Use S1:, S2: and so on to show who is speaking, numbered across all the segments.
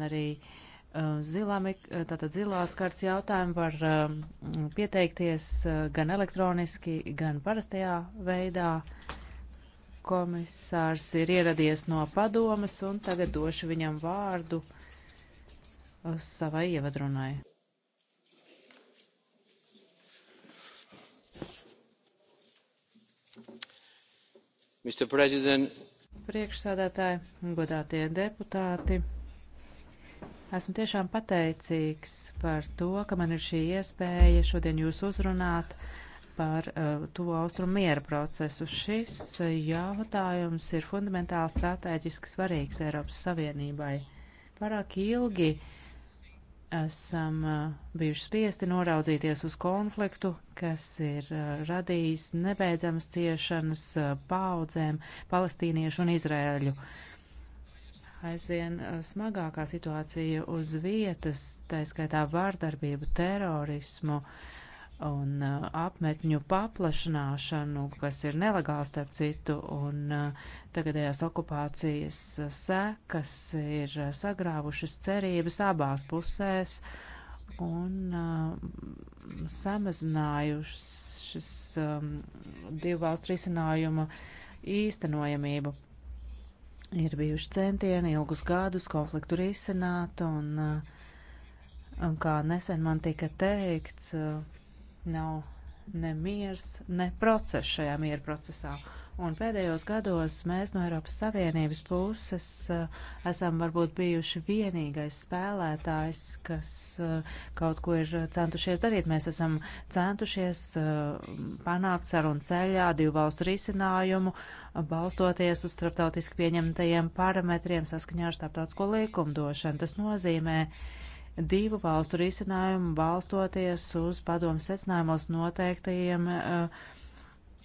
S1: arī uh, zilā, uh, tātad zilās karts jautājumu var um, pieteikties uh, gan elektroniski, gan parastajā veidā. Komisārs ir ieradies no padomas un tagad došu viņam vārdu savai ievadrunai. Priekšsādātāji, godātie deputāti! Esmu tiešām pateicīgs par to, ka man ir šī iespēja šodien jūs uzrunāt par uh, tuvo austrumu miera procesu. Šis jautājums ir fundamentāli strateģiski svarīgs Eiropas Savienībai. Parāk ilgi esam uh, bijuši spiesti noraudzīties uz konfliktu, kas ir uh, radījis nebeidzamas ciešanas uh, paudzēm palestīniešu un izrēļu. Uh, aizvien eh, smagākā situācija uz vietas, tā skaitā vārdarbību, terorismu un eh, apmetņu paplašināšanu, kas ir nelegāli starp citu, un eh, tagadējās okupācijas sekas ir sagrāvušas cerības abās pusēs un samazinājušas divu valstu risinājuma īstenojamību. Ir bijuši centieni ilgus gadus konfliktu risināt, un, uh, un kā nesen man tika teikts, uh, nav ne miers, ne process šajā miera procesā. Uh, Un pēdējos gados mēs no Eiropas Savienības puses eh, esam varbūt bijuši vienīgais spēlētājs, kas eh, kaut ko ir centušies darīt. Mēs esam centušies eh, panākt sarunu ceļā divu valstu risinājumu, balstoties uz starptautiski pieņemtajiem parametriem saskaņā ar starptautisko likumdošanu. Tas nozīmē, divu valstu risinājumu balstoties uz padomu secinājumos noteiktajiem uh,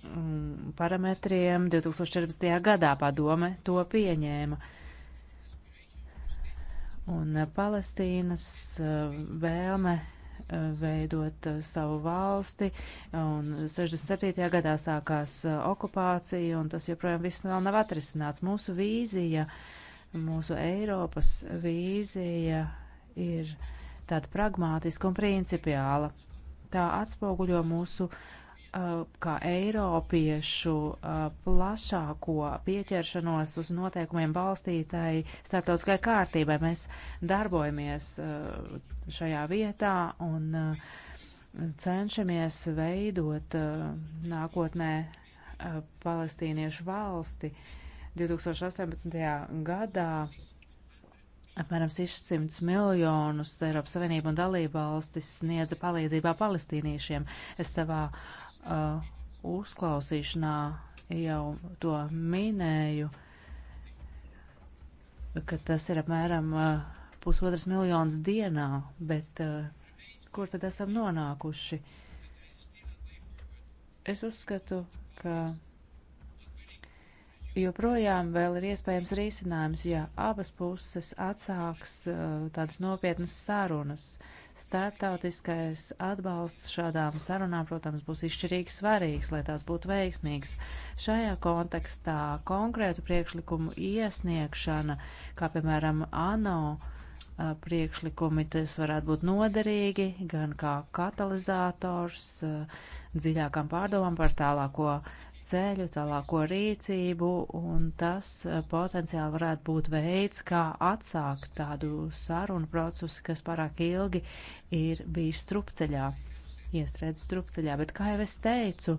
S1: Mm, parametriem 2014. gadā padome to pieņēma. Un eh, Palestīnas eh, vēlme eh, veidot savu valsti, un 67. gadā sākās okupācija, un tas joprojām viss vēl nav atrisināts. Mūsu vīzija, mūsu Eiropas vīzija ir tāda pragmātiska un principiāla. Tā atspoguļo mūsu uh, Uh, kā Eiropiešu uh, plašāko pieķeršanos uz noteikumiem balstītai starptautiskai kārtībai. Mēs darbojamies uh, šajā vietā un cenšamies veidot nākotnē palestīniešu valsti. 2018. gadā apmēram 600 miljonus Eiropas Savienība un dalība valstis sniedza palīdzībā palestīniešiem. Es savā uh, uh, uzklausīšanā jau to minēju, ka tas ir apmēram uh, pusotras miljonas dienā, bet uh, kur tad esam nonākuši? Es uzskatu, ka joprojām vēl ir iespējams risinājums, ja abas puses atsāks uh, tādas nopietnas sarunas. Startautiskais atbalsts šādām sarunām, protams, būs izšķirīgi svarīgs, lai tās būtu veiksmīgas. Šajā kontekstā konkrētu priekšlikumu iesniegšana, kā piemēram ANO uh, priekšlikumi, tas varētu būt noderīgi gan kā katalizators uh, dziļākām pārdomām par tālāko ceļu, tālāko rīcību, un tas eh, potenciāli varētu būt veids, kā atsākt tādu sarunu procesu, kas pārāk ilgi ir bijis strupceļā, iestrēdz strupceļā. Bet, kā jau es teicu,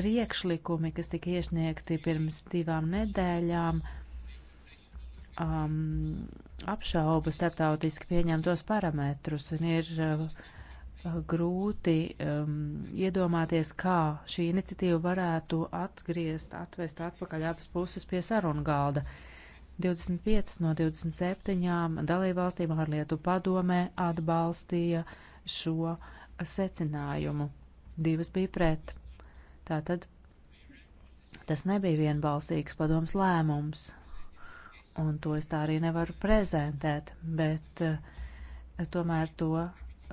S1: priekšlikumi, kas tika iesniegti pirms divām nedēļām, um, apšauba starptautiski pieņemtos parametrus un ir uh, Eh, grūti um, iedomāties, kā šī iniciatīva varētu atgriezt, atvest atpakaļ abas puses pie sarunu galda. 25 no 27 dalībvalstīm ārlietu padomē atbalstīja šo secinājumu. Divas bija pret. Tātad tas nebija vienbalsīgs padoms lēmums, un to es tā arī nevaru prezentēt, bet uh, tomēr to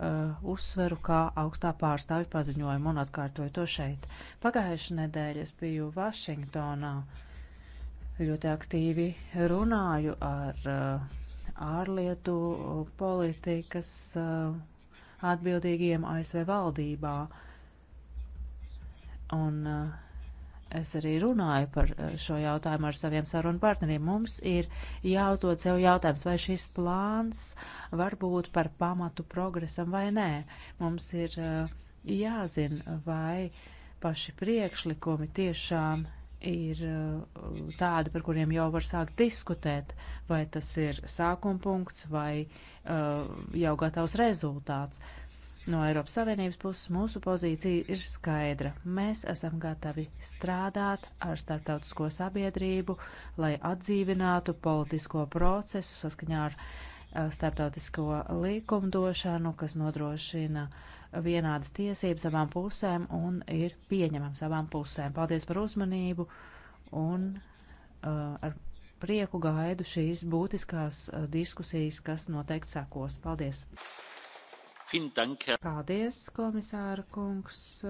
S1: uh, uzsveru, kā augstā pārstāvja paziņojumu un atkārtoju to šeit. Pagājušajā nedēļā es biju Vašingtonā, ļoti aktīvi runāju ar uh, ārlietu politikas uh, atbildīgiem ASV valdībā. Un, uh, es arī runāju par eh, šo jautājumu ar saviem sarunu partneriem. Mums ir jāuzdod sev jautājums, vai šis plāns var būt par pamatu progresam vai nē. Mums ir eh, jāzina, vai paši priekšlikumi tiešām ir eh, tādi, par kuriem jau var sākt diskutēt, vai tas ir sākuma punkts vai jau gatavs rezultāts. Uh, No Eiropas Savienības puses mūsu pozīcija ir skaidra. Mēs esam gatavi strādāt ar starptautisko sabiedrību, lai atdzīvinātu politisko procesu saskaņā ar eh, starptautisko likumdošanu, kas nodrošina vienādas tiesības abām pusēm un ir pieņemams abām pusēm. Paldies par uzmanību un uh, ar prieku gaidu šīs būtiskās eh, diskusijas, kas noteikti sekos. Paldies!
S2: Paldies,
S1: komisāra kungs.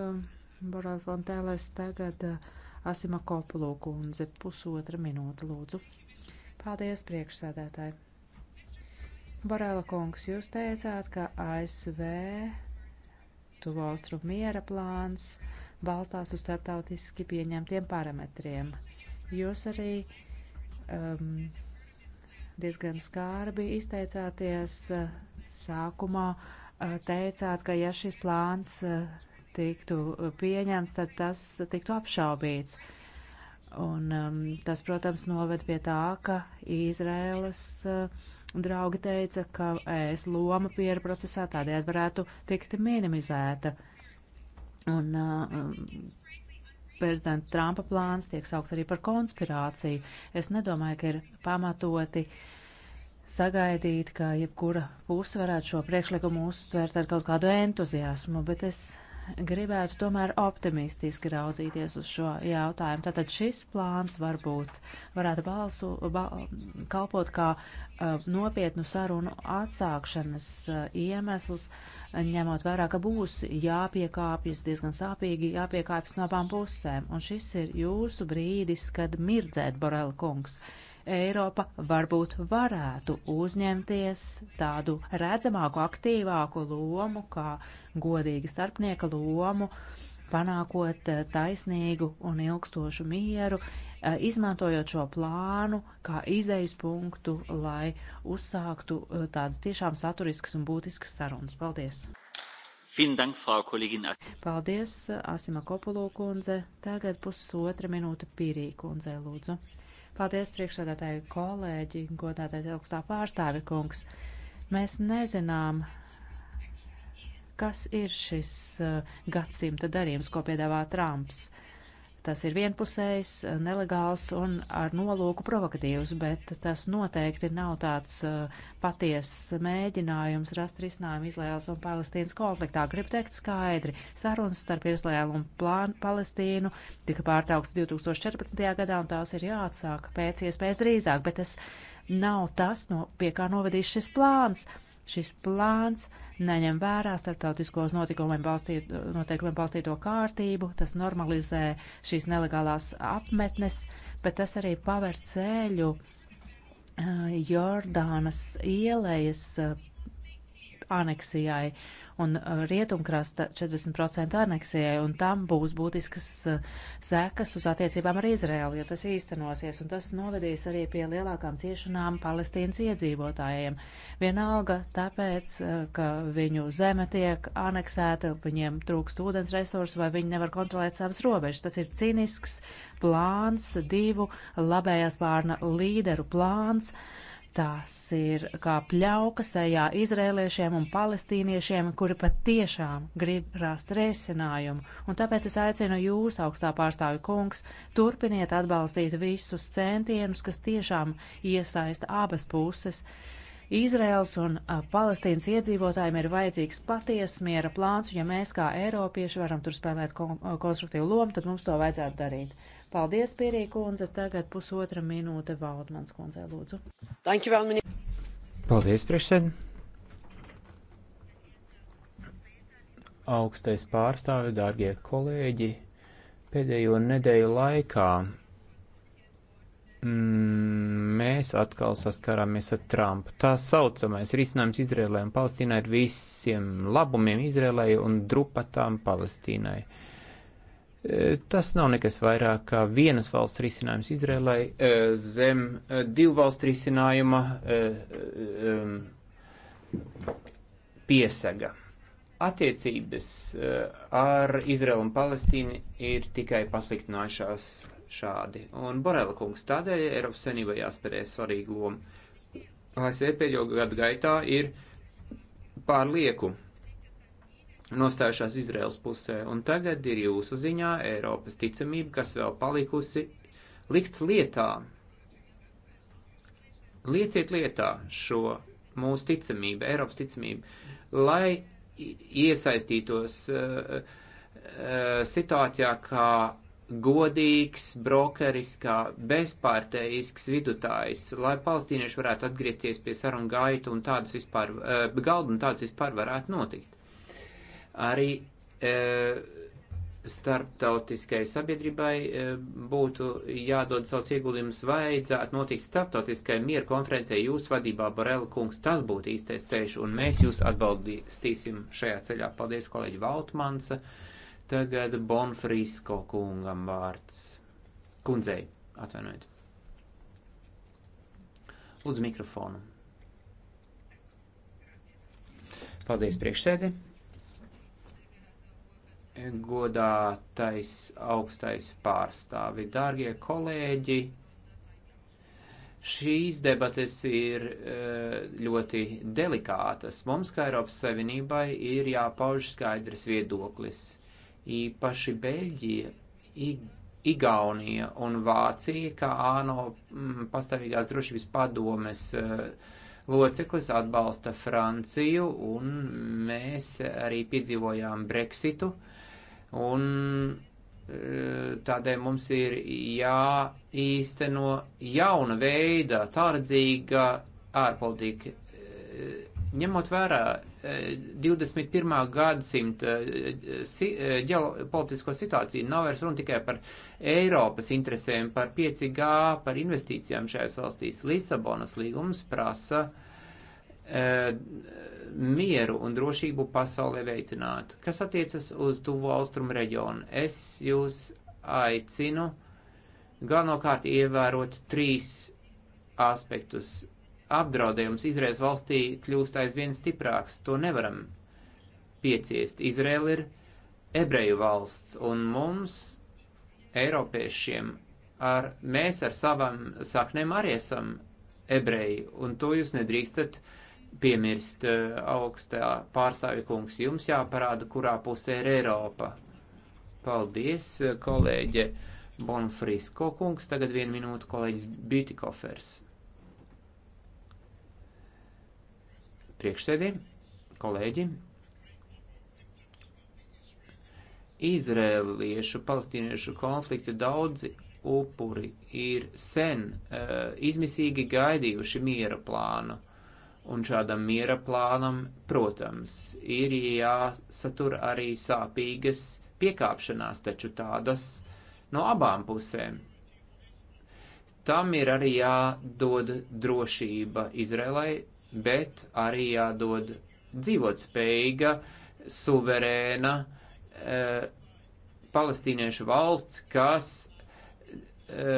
S1: Borel Fontēlēs tagad eh, Asima Kopulu kundze pusotra minūte lūdzu. Paldies, priekšsēdētāji. Borela kungs, jūs teicāt, ka ASV tuvo austrumu miera plāns balstās uz starptautiski pieņemtiem parametriem. Jūs arī um, diezgan skārbi izteicāties uh, sākumā uh, Eh, teicāt, ka ja šis plāns eh, tiktu eh, pieņemts, tad tas tiktu apšaubīts. Un um, tas, protams, noved pie tā, ka Izraēlas uh, draugi teica, ka es loma pieru procesā tādēļ varētu tikt minimizēta. Un uh, prezidenta Trumpa plāns tiek saukts arī par konspirāciju. Es nedomāju, ka ir pamatoti uh, sagaidīt, ka jebkura puse varētu šo priekšlikumu uztvērt ar kaut kādu entuziasmu, bet es gribētu tomēr optimistiski raudzīties uz šo jautājumu. Tātad šis plāns varbūt varētu balsu, bal, kalpot kā uh, nopietnu sarunu atsākšanas uh, iemesls, ņemot vērā, ka būs jāpiekāpjas diezgan sāpīgi, jāpiekāpjas no abām pusēm. Un šis ir jūsu brīdis, kad mirdzēt, Borel kungs. Uh, Eiropa varbūt varētu uzņemties tādu redzamāku, aktīvāku lomu, kā godīga starpnieka lomu, panākot eh, taisnīgu un ilgstošu mieru, eh, izmantojot šo plānu kā izejas punktu, lai uzsāktu eh, tādas tiešām saturiskas un būtiskas sarunas. Paldies! Paldies, Asima Kopulū kundze. Tagad pusotra minūte Pīrī kundzei lūdzu. Paldies priekšsādātāju kolēģi, godātais augstā pārstāvi kungs. Mēs nezinām, kas ir šis uh, gadsimta darījums, ko piedāvā Trumps. Uh, Tas ir vienpusējs, nelegāls un ar nolūku provokatīvs, bet tas noteikti nav tāds uh, patiess mēģinājums rast risinājumu Izraēlas un Palestīnas konfliktā. Gribu teikt skaidri, sarunas starp Izraēlu un plānu Palestīnu tika pārtrauktas 2014. gadā un tās ir jāatsāk pēc iespējas drīzāk, bet tas nav tas, no, pie kā novedīs šis plāns. Šis plāns uh, neņem vērā starptautiskos notikumiem balstīto, noteikumiem balstīto kārtību, tas normalizē šīs nelegālās apmetnes, bet tas arī paver ceļu eh, Jordānas ielējas eh, aneksijai un uh, rietumkrasta 40% aneksijai, un tam būs būtiskas uh, sekas uz attiecībām ar Izraēlu, ja tas īstenosies, un tas novedīs arī pie lielākām ciešanām palestīnas iedzīvotājiem. Vienalga tāpēc, uh, ka viņu zeme tiek aneksēta, viņiem trūkst ūdens resursu vai viņi nevar kontrolēt savas robežas. Tas ir cīnisks plāns, divu labējās vārna līderu plāns. Uh, Tās ir kā pļauka sejā izrēliešiem un palestīniešiem, kuri pat tiešām grib rast risinājumu. Un tāpēc es aicinu jūs, augstā pārstāvi kungs, turpiniet atbalstīt visus centienus, kas tiešām iesaista abas puses. Izraels un Palestīnas iedzīvotājiem ir vajadzīgs paties miera plāns, un ja mēs kā Eiropieši varam tur spēlēt kon konstruktīvu lomu, tad mums to vajadzētu darīt. Paldies, Pierī kundze. Tagad pusotra minūte Valdmans kundzei lūdzu.
S3: Paldies, priekšsēd. Augstais pārstāvi, dārgie kolēģi, pēdējo nedēļu laikā mm, mēs atkal saskarāmies ar Trumpu. Tā saucamais risinājums Izrēlē un Palestīnai ir visiem labumiem Izrēlē un drupatām Palestīnai. Uh, E, tas nav nekas vairāk kā vienas valsts risinājums Izrēlai e, zem e, divu valstu risinājuma um, piesaga. Attiecības ar Izraelu un Palestīnu ir tikai pasliktinājušās šādi. Un Borela kungs tādēļ Eiropas Savienībā jāspēlē svarīgu lomu. ASV pēdējo gadu gaitā ir pārlieku nostājušās Izraels pusē, un tagad ir jūsu ziņā Eiropas ticamība, kas vēl palikusi likt lietā. Lieciet lietā šo mūsu ticamību, Eiropas ticamību, lai iesaistītos uh, uh, situācijā kā godīgs brokeris, kā bezpārteisks vidutājs, lai palestīnieši varētu atgriezties pie sarunu gaitu un tādas vispār, uh, galdu un tādas vispār varētu notikt arī e, starptautiskai sabiedrībai e, būtu jādod savus ieguldījumus, vajadzētu notikt starptautiskai mieru konferencei jūsu vadībā, Borela kungs, tas būtu īstais ceļš, un mēs jūs atbalstīsim šajā ceļā. Paldies, kolēģi Valtmansa. Tagad Bonfrisko kungam vārds. Kundzei, atvainojiet. Lūdzu mikrofonu. Paldies priekšsēdē godātais augstais pārstāvi, dārgie kolēģi, šīs debates ir eh, ļoti delikātas. Mums, kā Eiropas Savienībai, ir jāpauž skaidrs viedoklis. Īpaši Beļģija, Igaunija un Vācija, kā ANO mm, pastāvīgās drošības padomes eh, loceklis, atbalsta Franciju, un mēs arī piedzīvojām Brexitu. Uh, Un e, tādēļ mums ir jāīsteno jauna veida, tārdzīga ārpolitika. E, ņemot vērā 21. E, gadsimta si, ģeopolitisko situāciju, nav vairs runa tikai par Eiropas interesēm, par 5G, par investīcijām šajās valstīs. Lisabonas līgums prasa. Uh, mieru un drošību pasaulē veicinātu. Kas attiecas uz tuvo austrumu reģionu, es jūs aicinu galvenokārt ievērot trīs aspektus. Apdraudējums Izraels valstī kļūst aizvien stiprāks, to nevaram pieciest. Izraela ir ebreju valsts, un mums, eiropiešiem, ar, mēs ar savam saknēm arī esam ebreji, un to jūs nedrīkstat uh, piemirst eh, augstā pārstāvja kungs, jums jāparāda, kurā pusē ir Eiropa. Paldies, eh, kolēģe Bonfrisko kungs, tagad vienu minūtu kolēģis Bitikofers. Priekšsēdē, kolēģi. Izrēliešu, palestīniešu konflikta daudzi upuri ir sen uh, izmisīgi gaidījuši miera plānu Un šādam miera plānam, protams, ir jāsatur arī sāpīgas piekāpšanās, taču tādas no abām pusēm. Tam ir arī jādod drošība Izrēlai, bet arī jādod dzīvotspējīga, suverēna e, palestīniešu valsts, kas e,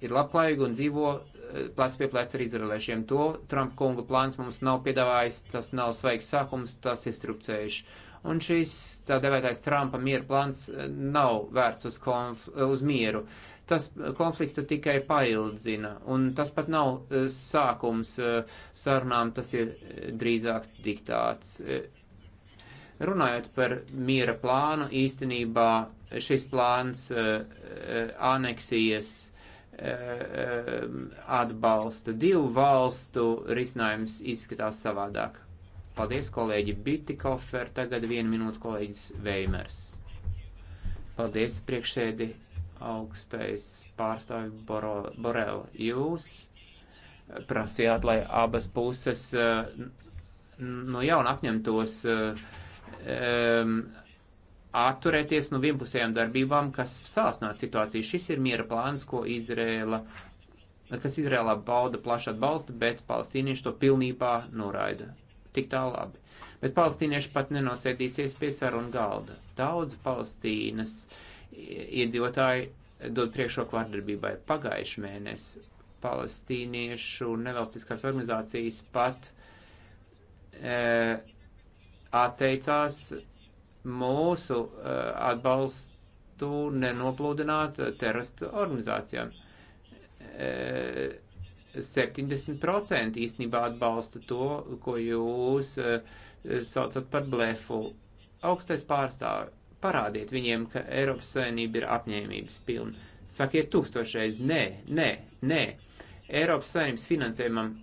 S3: ir labklājīga un dzīvo plēc pie plēc ar izraeliešiem. To Trumpa kunga plāns mums nav piedāvājis, tas nav svaigs sākums, tas iztrupcējuši. Un šis tā devētais Trumpa miera plāns eh, nav vērts uz, konf, eh, uz mieru. Tas eh, konfliktu tikai paildzina, un tas pat nav sākums sarunām, tas ir drīzāk diktāts. Runājot par miera plānu, īstenībā šis plāns aneksijas Eh, eh, atbalsta. Divu valstu risinājums izskatās savādāk. Paldies, kolēģi Bitikofer. Tagad vienu minūtu kolēģis Veimers. Paldies, priekšsēdi augstais pārstāvi Boro, Borel. Jūs prasījāt, lai abas puses eh, no jauna apņemtos um, atturēties no vienpusējām darbībām, kas sāsnāt situāciju. Šis ir miera plāns, ko Izrēla, kas Izrēlā bauda plašu atbalstu, bet palestīnieši to pilnībā noraida. Tik tā labi. Bet palestīnieši pat nenosēdīsies pie sarunu galda. Daudz Palestīnas iedzīvotāji dod priekšroku vardarbībai. Pagājuši mēnesi palestīniešu nevalstiskās organizācijas pat e, atteicās mūsu eh, atbalstu nenoplūdināt eh, teroristu organizācijām. 70% eh, īstenībā atbalsta to, ko jūs saucat par blefu. Augstais pārstāv, parādiet viņiem, ka Eiropas Savienība ir apņēmības pilna. Sakiet tūkstošreiz, nē, nē, nē. Eiropas Savienības finansējumam uh,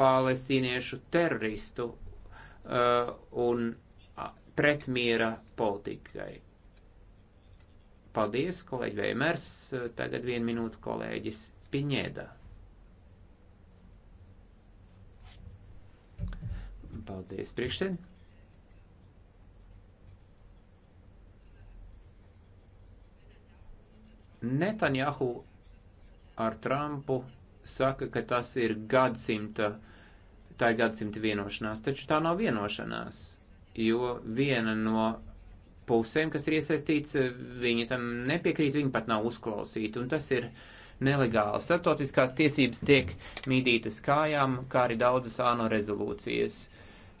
S3: palestīniešu teroristu uh, un pretmiera politikai. Paldies, kolēģi Vēmers. Tagad vienu minūtu kolēģis Piņēda. Paldies, priekšsēd. Netanjahu ar Trumpu saka, ka tas ir gadsimta, tā ir gadsimta vienošanās, taču tā nav vienošanās jo viena no pusēm, kas ir iesaistīts, viņi tam nepiekrīt, viņi pat nav uzklausīti, un tas ir nelegāli. Startautiskās tiesības tiek mīdītas kājām, kā arī daudzas ANO rezolūcijas.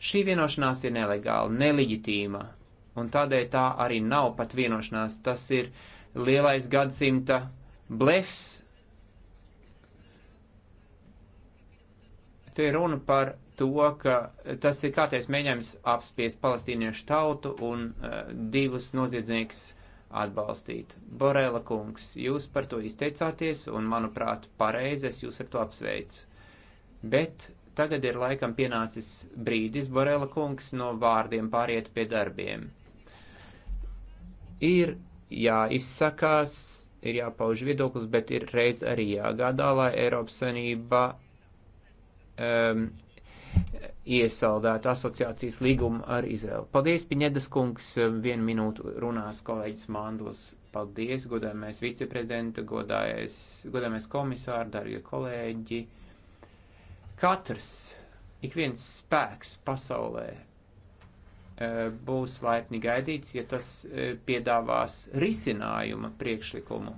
S3: Šī vienošanās ir nelegāla, neleģitīma, un tādēļ tā arī nav pat vienošanās. Tas ir lielais gadsimta blefs. Te ir runa par to, ka tas ir kārtais mēģinājums apspiest palestīniešu tautu un uh, divus noziedzniekus atbalstīt. Borela kungs, jūs par to izteicāties un, manuprāt, pareizi es jūs ar to apsveicu. Bet tagad ir laikam pienācis brīdis, Borela kungs, no vārdiem pāriet pie darbiem. Ir jāizsakās, ir jāpauž viedoklis, bet ir reiz arī jāgādā, lai Eiropas Sanība um, ehm, iesaldētu asociācijas līgumu ar Izraelu. Paldies, Piņedas kungs, vienu minūtu runās kolēģis Mandls. Paldies, godājumais viceprezidenta, godājumais komisāri, darbie kolēģi. Katrs, ik viens spēks pasaulē eh, būs laipni gaidīts, ja tas eh, piedāvās risinājuma priekšlikumu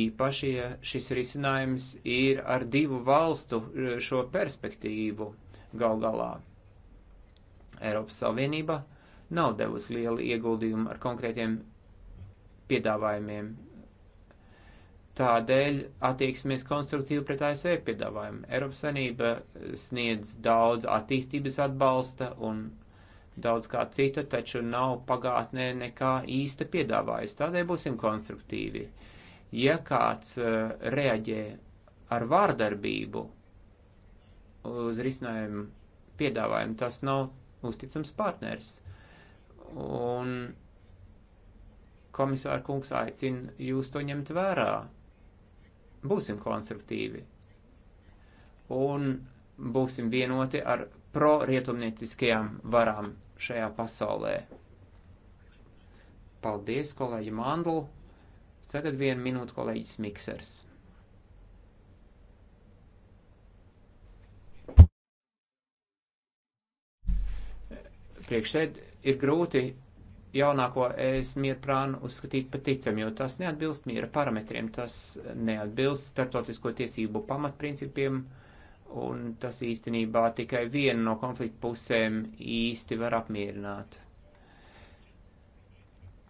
S3: īpaši, ja šis risinājums ir ar divu valstu eh, šo perspektīvu gal galā. Eiropas Savienība nav devusi lielu ieguldījumu ar konkrētiem piedāvājumiem. Tādēļ attieksimies konstruktīvi pret ASV piedāvājumu. Eiropas Savienība sniedz daudz attīstības atbalsta un daudz kā cita, taču nav pagātnē nekā īsta piedāvājus. Tādēļ būsim konstruktīvi. Uh, Ja kāds eh, reaģē ar vārdarbību uz risinājumu piedāvājumu, tas nav uzticams partners. Un komisāra kungs aicina jūs to ņemt vērā. Būsim konstruktīvi. Un būsim vienoti ar pro-rietumnieciskajām varām šajā pasaulē. Paldies, kolēģi Mandl! Tātad vienu minūtu kolēģis Miksers. Priekšsēd ir grūti jaunāko es mieru prānu uzskatīt par ticamu, jo tas neatbilst miera parametriem, tas neatbilst startotisko tiesību pamatprincipiem, un tas īstenībā tikai vienu no konflikta pusēm īsti var apmierināt.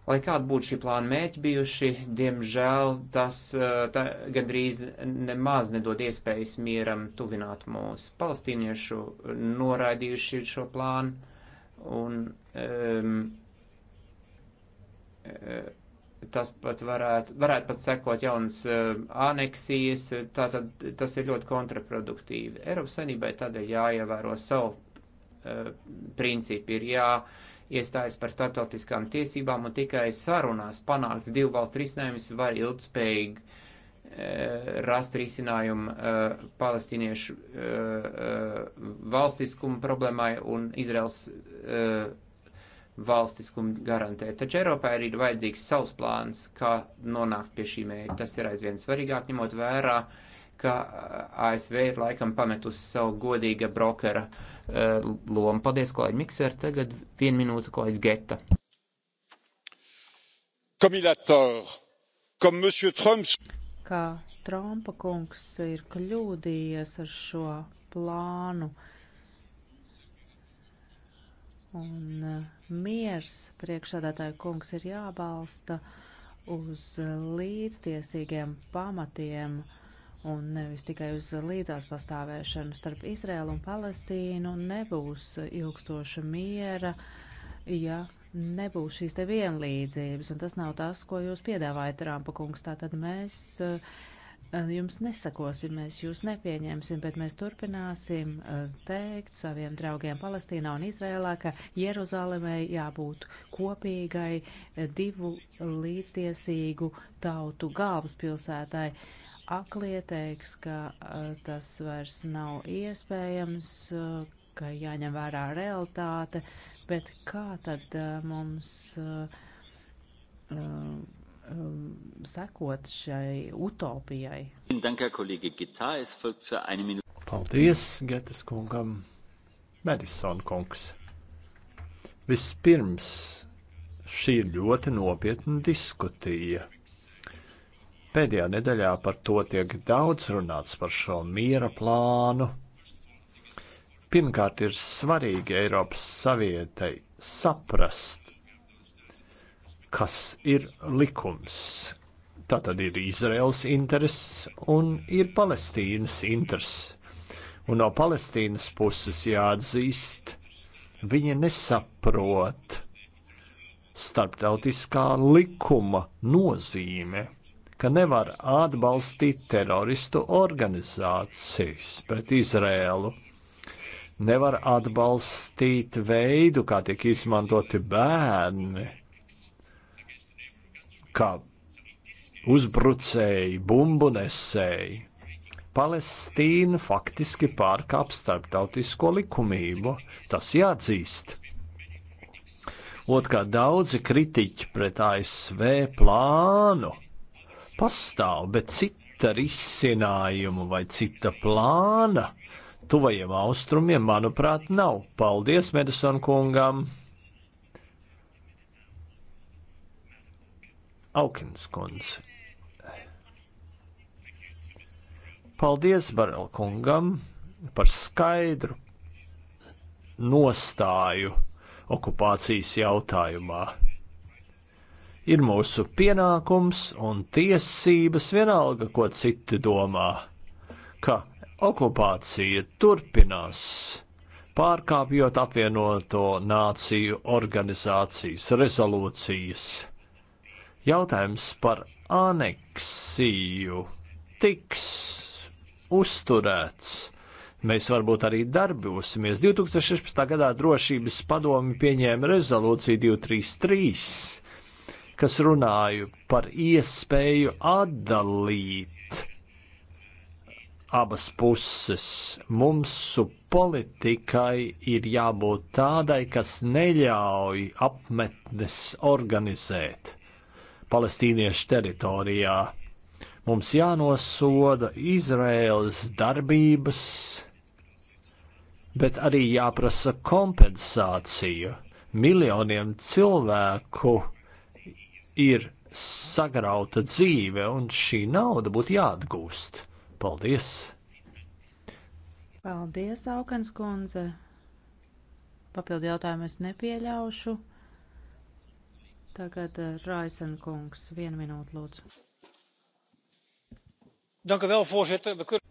S3: Lai kāda būtu šī plāna mēķi bijuši, diemžēl tas eh, tā, gandrīz nemaz nedod iespējas mieram tuvināt mūs. Palestīniešu noraidījuši šo plānu un um, tas pat varētu, varētu pat sekot jaunas uh, aneksijas, tātad tas ir ļoti kontraproduktīvi. Eiropas Sanībai tādēļ jāievēro savu uh, principu, ir jā. Uh, iestājas par startautiskām tiesībām un tikai sarunās panāks divu valstu risinājums var ilgspējīgi e, rast risinājumu uh, e, palestīniešu uh, e, uh, valstiskumu problēmai un Izraels valstiskumu garantē. Taču Eiropā arī ir vajadzīgs savs plāns, kā nonākt pie šī mērķa. Tas ir aizvien svarīgāk, ņemot vērā uh, ka eh, ASV ir laikam pametusi savu godīga brokera uh, lomu. Paldies, kolēģi Mikser. Tagad vienu minūtu kolēģis Geta.
S1: Kā Trumpa kungs ir kļūdījies ar šo plānu. Un eh, miers priekšsādātāja kungs ir jābalsta uz līdztiesīgiem pamatiem. Uh, un nevis tikai uz līdzās pastāvēšanu starp Izrēlu un Palestīnu nebūs ilgstoša miera, ja nebūs šīs te vienlīdzības, un tas nav tas, ko jūs piedāvājat, Trumpa kungs. Tātad mēs uh, jums nesakosim, mēs jūs nepieņemsim, bet mēs turpināsim eh, teikt saviem draugiem Palestīnā un Izrēlā, ka Jeruzalemē jābūt kopīgai eh, divu līdztiesīgu tautu galvaspilsētai. Aklie teiks, ka eh, tas vairs nav iespējams, ka jāņem vērā realitāte, bet kā tad mums. Uh, uh, um, sekot šai utopijai.
S2: Paldies, Getes kungam, Madison kungs. Vispirms šī ir ļoti nopietna diskutija. Pēdējā nedēļā par to tiek daudz runāts par šo miera plānu. Pirmkārt, ir svarīgi Eiropas Savienībai saprast, kas ir likums. Tā tad ir Izraels intereses un ir Palestīnas intereses. Un no Palestīnas puses jāatzīst, viņi nesaprot starptautiskā likuma nozīme, ka nevar atbalstīt teroristu organizācijas pret Izrēlu nevar atbalstīt veidu, kā tiek izmantoti bērni, kā uzbrucēji, bumbu nesēji. Palestīna faktiski pārkāp starptautisko likumību. Tas jāatzīst. Otrkārt, daudzi kritiķi pret ASV plānu pastāv, bet cita risinājuma vai cita plāna tuvajiem austrumiem, manuprāt, nav. Paldies Medison kungam! Aukins kundze. Paldies Barel kungam par skaidru nostāju okupācijas jautājumā. Ir mūsu pienākums un tiesības vienalga, ko citi domā, ka okupācija turpinās, pārkāpjot apvienoto nāciju organizācijas rezolūcijas Jautājums par aneksiju tiks uzturēts. Mēs varbūt arī darbosimies. 2016. gadā Drošības padomi pieņēma rezolūciju 233, kas runāja par iespēju atdalīt abas puses. Mūsu politikai ir jābūt tādai, kas neļauj apmetnes organizēt palestīniešu teritorijā. Mums jānosoda Izraēlas darbības, bet arī jāprasa kompensāciju. Miljoniem cilvēku ir sagrauta dzīve, un šī nauda būtu jāatgūst. Paldies!
S1: Paldies, Aukens kundze! Papildu jautājumu es nepieļaušu. Tagad eh, Raisen kungs, vienu minūtu lūdzu.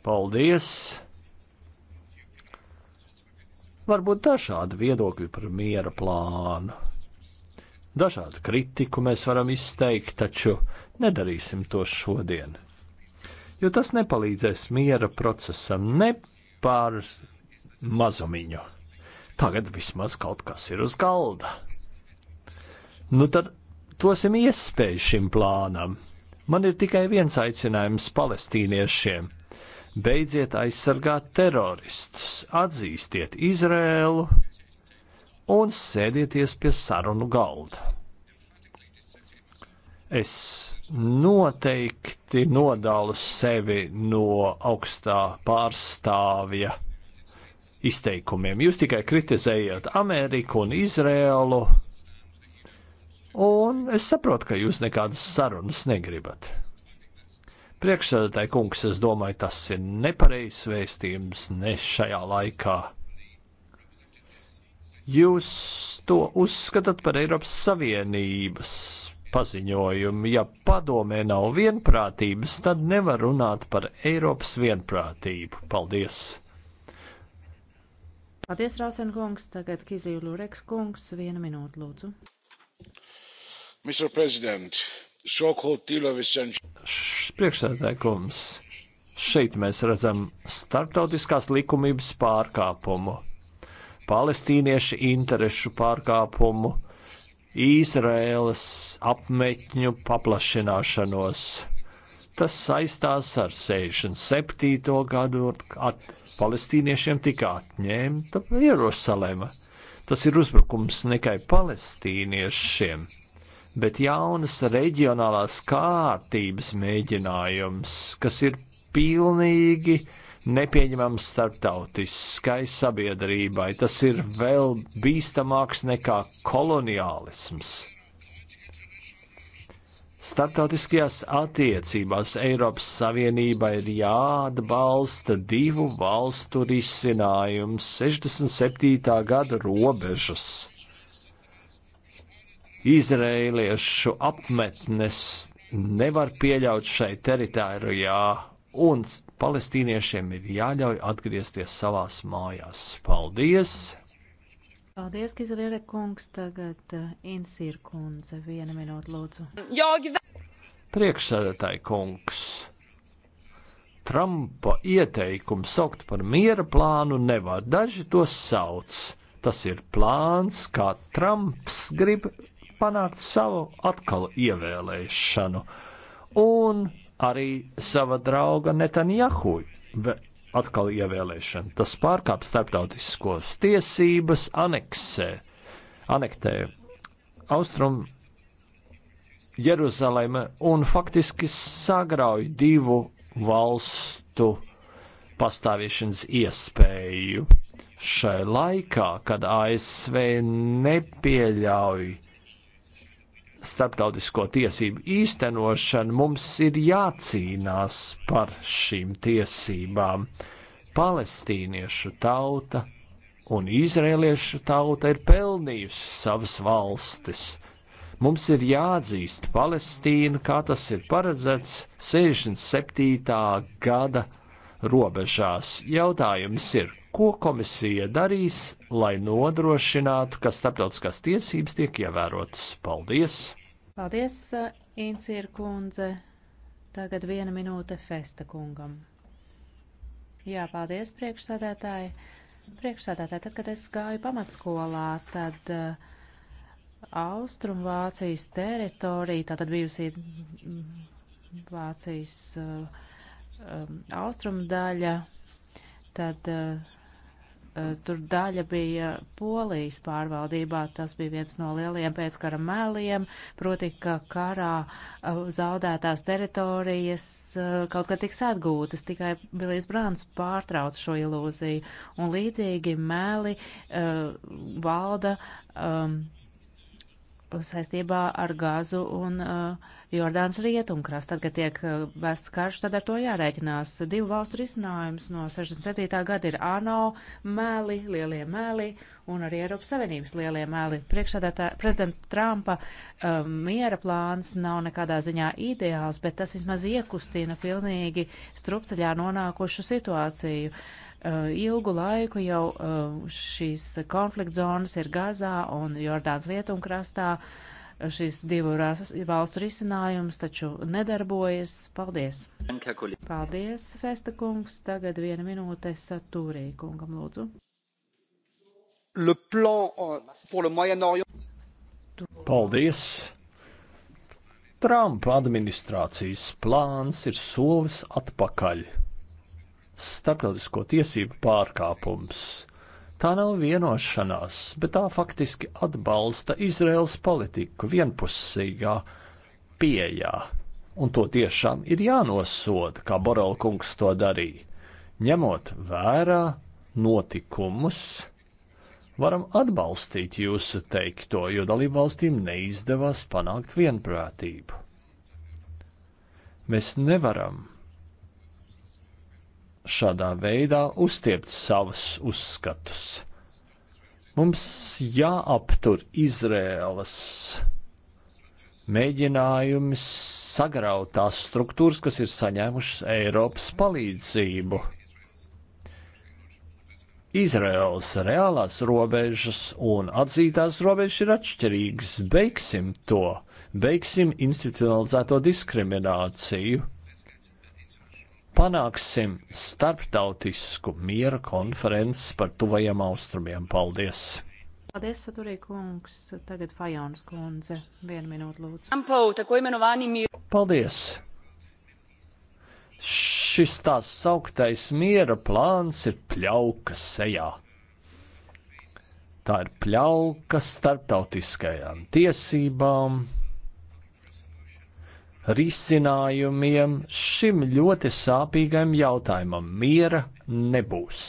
S2: Paldies! Var būt dažādi viedokļi par miera plānu. Dažādu kritiku mēs varam izteikt, taču nedarīsim to šodien. Jo tas nepalīdzēs miera procesam ne par mazumiņu. Tagad vismaz kaut kas ir uz galda nu tad dosim iespēju šim plānam. Man ir tikai viens aicinājums palestīniešiem. Beidziet aizsargāt teroristus, atzīstiet Izrēlu un sēdieties pie sarunu galda. Es noteikti nodalu sevi no augstā pārstāvja izteikumiem. Jūs tikai kritizējat Ameriku un Izrēlu Un es saprotu, ka jūs nekādas sarunas negribat. Priekšsēdētāji kungs, es domāju, tas ir nepareizs vēstījums ne šajā laikā. Jūs to uzskatāt par Eiropas Savienības paziņojumu. Ja padomē nav vienprātības, tad nevar runāt par Eiropas vienprātību. Paldies!
S1: Paldies, Rausenkungs. Tagad Kizilūreks kungs. Viena minūte, lūdzu.
S2: Priekšsēdētāj, kungs, šeit mēs redzam starptautiskās likumības pārkāpumu, palestīniešu interešu pārkāpumu, Īzraēlas apmetņu paplašināšanos. Tas saistās ar 67. gadu, kad palestīniešiem tika atņemta Jerusalema. Tas ir uzbrukums ne tikai palestīniešiem, bet jaunas reģionālās kārtības mēģinājums, kas ir pilnīgi nepieņemams starptautiskai sabiedrībai. Tas ir vēl bīstamāks nekā koloniālisms. Startautiskajās attiecībās Eiropas Savienība ir jāatbalsta divu valstu risinājums 67. gada robežas izrēliešu apmetnes nevar pieļaut šai teritorijā, un palestīniešiem ir jāļauj atgriezties savās mājās. Paldies!
S1: Paldies, Kizaliere kungs, tagad uh, Insīra kundze, viena minūte lūdzu.
S2: Priekšsēdētāji kungs, Trumpa ieteikumu saukt par miera plānu nevar, daži to sauc. Tas ir plāns, kā Trumps grib panākt savu atkal ievēlēšanu. Un arī sava drauga Netanjahu atkal ievēlēšana. Tas pārkāp starptautiskos tiesības, aneksē, anektē Austrum Jeruzaleme un faktiski sagrauj divu valstu pastāviešanas iespēju šai laikā, kad ASV nepieļauj starptautisko tiesību īstenošanu, mums ir jācīnās par šīm tiesībām. Palestīniešu tauta un izrēliešu tauta ir pelnījusi savas valstis. Mums ir jāatzīst Palestīna, kā tas ir paredzēts 67. gada robežās. Jautājums ir, ko komisija darīs, lai nodrošinātu, ka starptautiskās tiesības tiek ievērotas? Paldies!
S1: Paldies, uh, Incīra kundze! Tagad viena minūte Festa kungam. Jā, paldies, priekšsēdētāji! Priekšsēdētāji, tad, kad es gāju pamatskolā, tad uh, Austrumvācijas teritorija, tātad bijusī Vācijas uh, um, austrumu daļa, tad uh, uh, tur daļa bija Polijas pārvaldībā. Tas bija viens no lielajiem pēckara mēliem, proti, ka karā uh, zaudētās teritorijas uh, kaut kad tiks atgūtas, tikai Bilijs Brāns pārtrauc šo ilūziju. Un līdzīgi mēli uh, valda. Um, saistībā ar gāzu un uh, Jordānas rietumkrastu. Tad, kad tiek uh, vests karš, tad ar to jārēķinās. Divu valstu risinājums no 67. gada ir ANO meli, lielie meli un arī Eiropas Savienības lielie meli. Priekšādātā prezidenta Trumpa uh, miera plāns nav nekādā ziņā ideāls, bet tas vismaz iekustina pilnīgi strupceļā nonākošu situāciju. Uh, Eh, ilgu laiku jau eh, šīs konflikta zonas ir Gazā un Jordāns rietumkrastā. Eh, Šis divu valstu risinājums taču nedarbojas. Paldies! Paldies, Festa kungs! Tagad viena minūte Satūrī kungam lūdzu.
S3: Le plan pour le Moyen-Orient.
S2: Paldies! Trumpa administrācijas plāns ir solis atpakaļ starptautisko tiesību pārkāpums. Tā nav vienošanās, bet tā faktiski atbalsta Izraels politiku vienpusīgā pieejā, un to tiešām ir jānosoda, kā Borelkungs to darīja. Ņemot vērā notikumus, varam atbalstīt jūsu teikto, jo dalībvalstīm neizdevās panākt vienprātību. Mēs nevaram šādā veidā uztiept savus uzskatus. Mums jāaptur Izrēlas mēģinājumi sagraut tās struktūras, kas ir saņēmušas Eiropas palīdzību. Izraels reālās robežas un atzītās robežas ir atšķirīgas. Beigsim to, beigsim institucionalizēto diskrimināciju panāksim starptautisku miera konferences par tuvajiem austrumiem. Paldies!
S1: Paldies, Saturī kungs. Tagad Fajons kundze. Vienu minūtu lūdzu.
S2: Paldies! Šis tās sauktais miera plāns ir pļauka sejā. Tā ir pļauka starptautiskajām tiesībām, risinājumiem šim ļoti sāpīgajam jautājumam. Miera nebūs.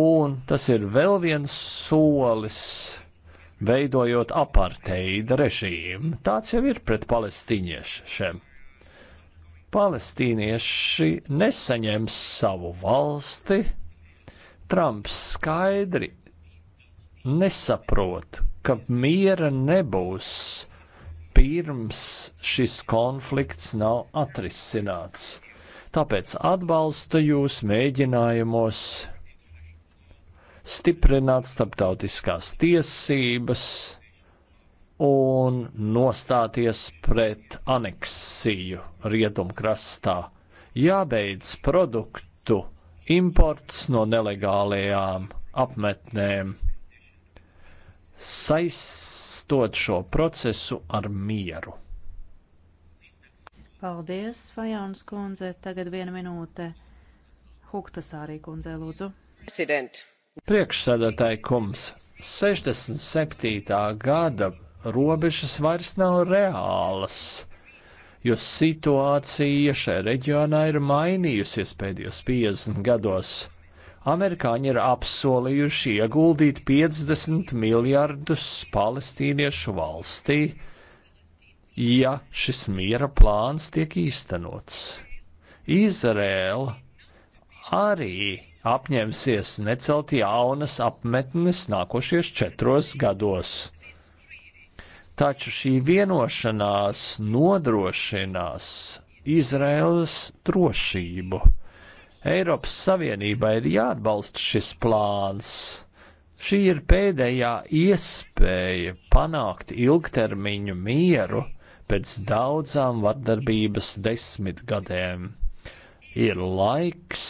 S2: Un tas ir vēl viens solis, veidojot aparteida režīmu. Tāds jau ir pret palestīniešiem. Palestīnieši nesaņems savu valsti. Trumps skaidri nesaprot, ka miera nebūs pirms šis konflikts nav atrisināts. Tāpēc atbalsta jūs mēģinājumos stiprināt starptautiskās tiesības un nostāties pret aneksiju rietumkrastā. Jābeidz produktu imports no nelegālajām apmetnēm saistot šo procesu ar mieru.
S1: Paldies, Fajāns kundze. Tagad viena minūte. Huktasārī kundze, lūdzu. President.
S2: Priekšsēdētāji kungs, 67. gada robežas vairs nav reālas jo situācija šajā reģionā ir mainījusies pēdējos 50 gados. Amerikāņi ir apsolījuši ieguldīt 50 miljardus palestīniešu valstī, ja šis miera plāns tiek īstenots. Izrēla arī apņemsies necelt jaunas apmetnes nākošajos četros gados. Taču šī vienošanās nodrošinās Izraēlas drošību. Eiropas Savienībai ir jāatbalsta šis plāns. Šī ir pēdējā iespēja panākt ilgtermiņu mieru pēc daudzām vardarbības desmitgadēm. Ir laiks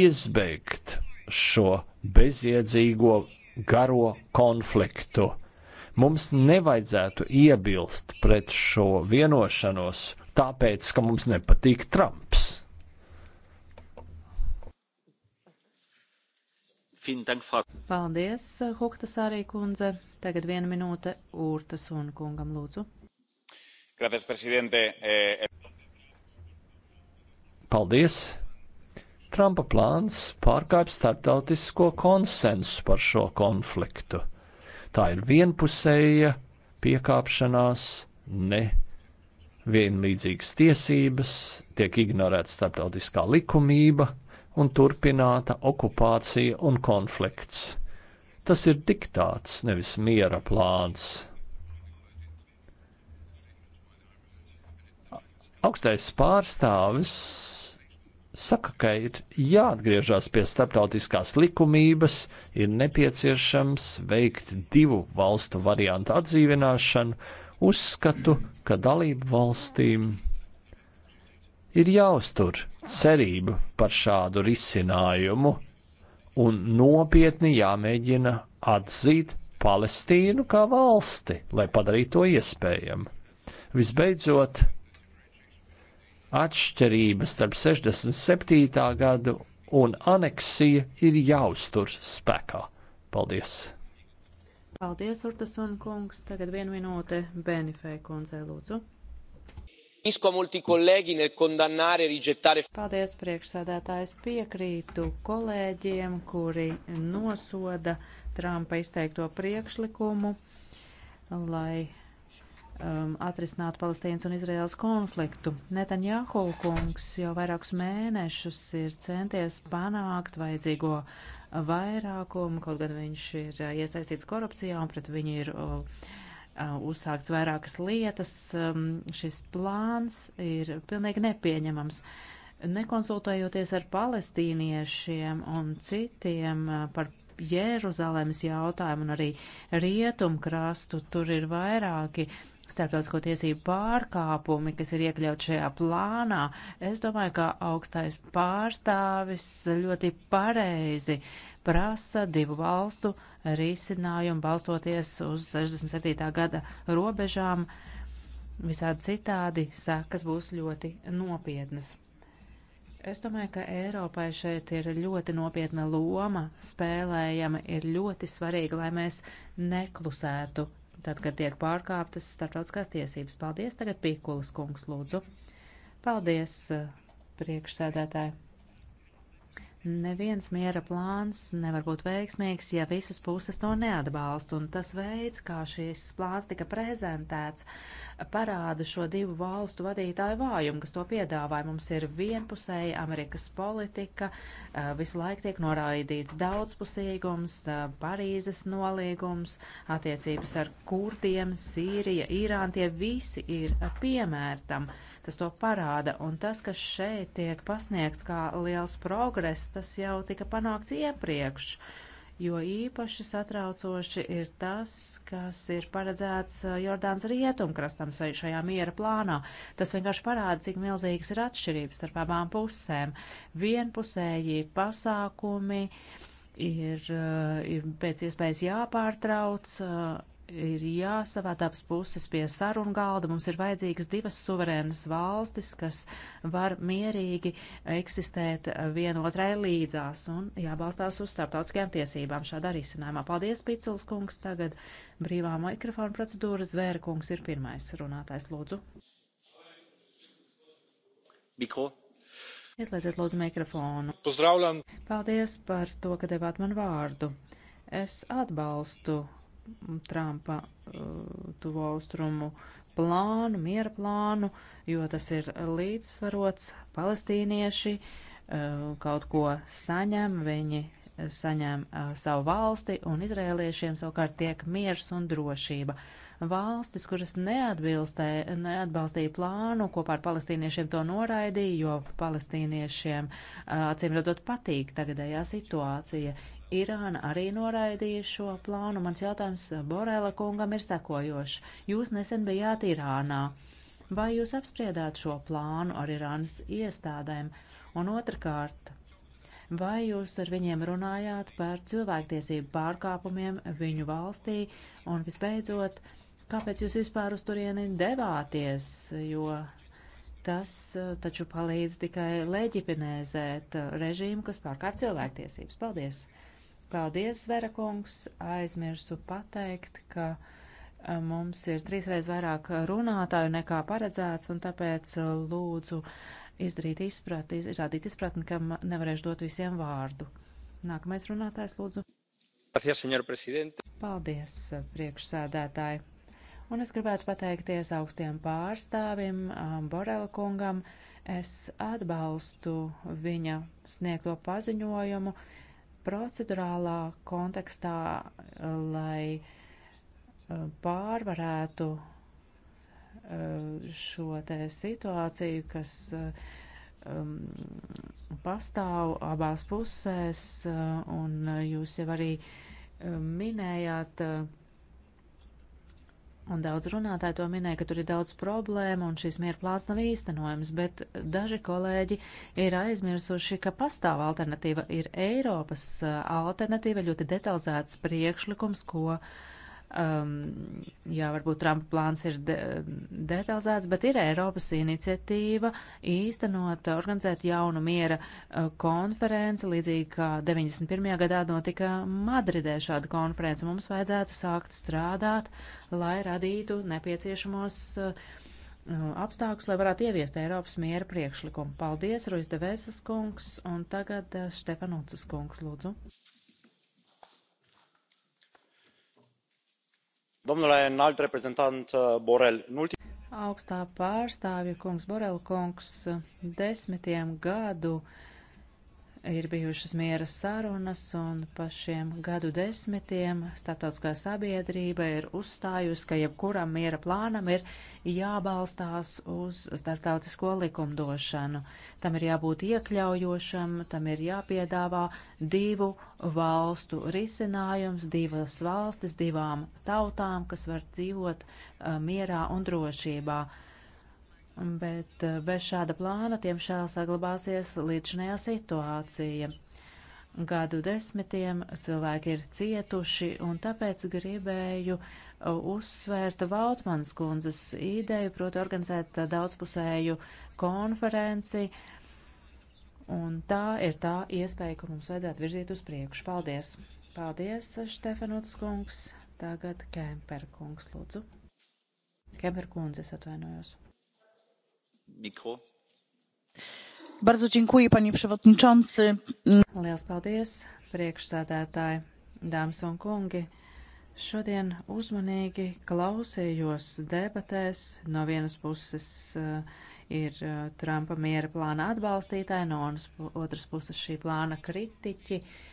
S2: izbeigt šo bezjēdzīgo garo konfliktu. Mums nevajadzētu iebilst pret šo vienošanos, tāpēc, ka mums nepatīk Trumps.
S1: Paldies, Huktas arī kundze. Tagad viena minūte Urtas un kungam lūdzu.
S2: Gracias, presidente. Eh, eh. Paldies. Trumpa plāns pārkāpj starptautisko konsensu par šo konfliktu. Tā ir vienpusēja piekāpšanās, ne vienlīdzīgas tiesības, tiek ignorēta starptautiskā likumība un turpināta okupācija un konflikts. Tas ir diktāts, nevis miera plāns. Augstais pārstāvis saka, ka ir jāatgriežas pie starptautiskās likumības, ir nepieciešams veikt divu valstu variantu atdzīvināšanu. Uzskatu, ka dalību valstīm ir jāuztur cerību par šādu risinājumu un nopietni jāmēģina atzīt Palestīnu kā valsti, lai padarītu to iespējamu. Visbeidzot, atšķirības starp 67. gadu un aneksija ir jāuztur spēkā. Paldies!
S1: Paldies, Urtas un kungs! Tagad vienu minūte Benifē kundzei lūdzu.
S3: E Paldies,
S1: priekšsēdētājs. Piekrītu kolēģiem, kuri nosoda Trumpa izteikto priekšlikumu, lai um, atrisinātu Palestīnas un Izraēlas konfliktu. Netanjahu kungs jau vairākus mēnešus ir centies panākt vajadzīgo vairākumu, kaut gan viņš ir uh, iesaistīts korupcijā un pret viņu ir. Uh, Uh, uzsākts vairākas lietas. Um, šis plāns ir pilnīgi nepieņemams. Nekonsultējoties ar palestīniešiem un citiem uh, par Jēruzalemes jautājumu un arī rietumkrastu, tur ir vairāki starptautisko tiesību pārkāpumi, kas ir iekļauts šajā plānā. Es domāju, ka augstais pārstāvis ļoti pareizi prasa divu valstu uh, risinājumu balstoties uz 67. gada robežām. Visādi citādi sekas būs ļoti nopietnas. Es domāju, ka Eiropai šeit ir ļoti nopietna loma spēlējama, ir ļoti svarīgi, lai mēs neklusētu, tad, kad tiek pārkāptas starptautiskās tiesības. Paldies, tagad Pīkulas kungs, lūdzu. Paldies, priekšsēdētāji. Neviens miera plāns nevar būt veiksmīgs, ja visas puses to neatbalst, un tas veids, kā šis plāns tika prezentēts, parāda šo divu valstu vadītāju vājumu, kas to piedāvāja. Mums ir vienpusēja Amerikas politika, visu laiku tiek noraidīts daudzpusīgums, Parīzes nolīgums, attiecības ar kurdiem, Sīrija, Irāna, tie visi ir piemērtam. Tas to parāda. Un tas, kas šeit tiek pasniegts kā liels progress, tas jau tika panākts iepriekš. Jo īpaši satraucoši ir tas, kas ir paredzēts uh, Jordāns rietumkrastam šajā miera plānā. Tas vienkārši parāda, cik milzīgas ir atšķirības starp abām pusēm. Vienpusēji pasākumi ir, uh, ir pēc iespējas jāpārtrauc uh, ir jāsavāc abas puses pie sarunu galda. Mums ir vajadzīgas divas suverēnas valstis, kas var mierīgi eksistēt vienotrai līdzās un jābalstās uz starptautiskajām tiesībām šādā risinājumā. Paldies, Piculs kungs. Tagad brīvā mikrofona procedūra. Zvēra kungs ir pirmais runātājs. Lūdzu. Mikro. Ieslēdziet lūdzu mikrofonu. Pozdravljam. Paldies par to, ka devāt man vārdu. Es atbalstu Trumpa uh, tuvo austrumu plānu, miera plānu, jo tas ir līdzsvarots. Palestīnieši uh, kaut ko saņem, viņi saņem uh, savu valsti, un izrēliešiem savukārt tiek miers un drošība. Valstis, kuras neatbalstīja plānu, kopā ar palestīniešiem to noraidīja, jo palestīniešiem acīm redzot patīk tagadējā situācija. Irāna arī noraidīja šo plānu. Mans jautājums eh, Borela kungam ir sekojošs. Jūs nesen bijāt Irānā. Vai jūs apspriedāt šo plānu ar Irānas iestādēm? Un otrkārt, vai jūs ar viņiem runājāt par cilvēktiesību pārkāpumiem viņu valstī? Un visbeidzot, kāpēc jūs vispār uz turieni devāties, jo tas eh, taču palīdz tikai leģipinēzēt eh, režīmu, kas pārkāp cilvēktiesības. Paldies! Paldies, Zverakungs. Aizmirsu pateikt, ka mums ir trīsreiz vairāk runātāju nekā paredzēts, un tāpēc lūdzu izdarīt izpratni, izrādīt izpratni, ka nevarēšu dot visiem vārdu. Nākamais runātājs, lūdzu. Paldies, priekšsēdētāji. Un es gribētu pateikties augstiem pārstāvim, Borela kungam. Es atbalstu viņa sniegto paziņojumu procedurālā kontekstā, lai e, pārvarētu e, šo te situāciju, kas e, um, pastāv abās pusēs, un jūs jau arī minējāt uh, un daudz runātāji to minēja, ka tur ir daudz problēmu un šis mieru plāns nav īstenojams, bet daži kolēģi ir aizmirsuši, ka pastāv alternatīva, ir Eiropas alternatīva, ļoti detalizēts priekšlikums, ko uh, um, jā, varbūt Trumpa plāns ir de detalizēts, bet ir Eiropas iniciatīva īstenot, organizēt jaunu miera uh, konferenci, līdzīgi kā 91. gadā notika Madridē šāda konference. Mums vajadzētu sākt strādāt, lai radītu nepieciešamos uh, uh apstākļus, lai varētu ieviest Eiropas miera priekšlikumu. Paldies, Ruiz Devesas kungs, un tagad uh, Štefanucas kungs, lūdzu.
S3: Domnule înalt reprezentant uh, Borel, în ultimul
S1: augstā pārstāvja kungs Borel kungs desmitiem gadu ir bijušas miera sarunas, un pa šiem gadu desmitiem starptautiskā sabiedrība ir uzstājusi, ka jebkuram miera plānam ir jābalstās uz starptautisko likumdošanu. Tam ir jābūt iekļaujošam, tam ir jāpiedāvā divu valstu risinājums, divas valstis, divām tautām, kas var dzīvot uh, mierā un drošībā. Uh, bet eh, bez šāda plāna, tiemžēl, saglabāsies līdzinējā situācija. Gadu desmitiem cilvēki ir cietuši, un tāpēc gribēju eh, uzsvērt Vautmanas kundzes ideju, proti organizēt eh, daudzpusēju konferenci, un tā ir tā iespēja, kur mums vajadzētu virzīt uz priekšu. Paldies! Paldies, Štefanots kungs! Tagad Kemper kungs, lūdzu. Kemper kundze, es atvainojos. Bardzo dziękuję, panie przewodniczący. Lielas paldies, priekšsēdētāji, dāmas un kungi. Šodien uzmanīgi klausījos debatēs. No vienas puses uh, ir eh, Trumpa miera plāna atbalstītāji, no otras puses šī plāna kritiķi. Uh,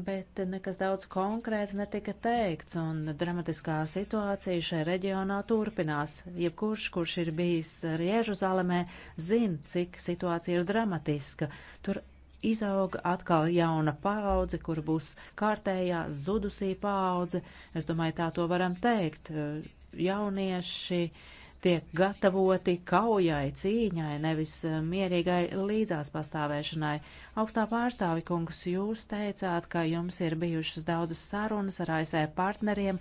S1: bet nekas daudz konkrēts netika teikts, un dramatiskā situācija šajā reģionā turpinās. Jebkurš, kurš ir bijis Riežuzalemē, zina, cik situācija ir dramatiska. Tur izauga atkal jauna paudze, kur būs kārtējā zudusī paudze. Es domāju, tā to varam teikt. Jaunieši tiek gatavoti kaujai, cīņai, nevis eh, mierīgai līdzās pastāvēšanai. Augstā pārstāvi kungs, jūs teicāt, ka jums ir bijušas daudzas sarunas ar ASV partneriem.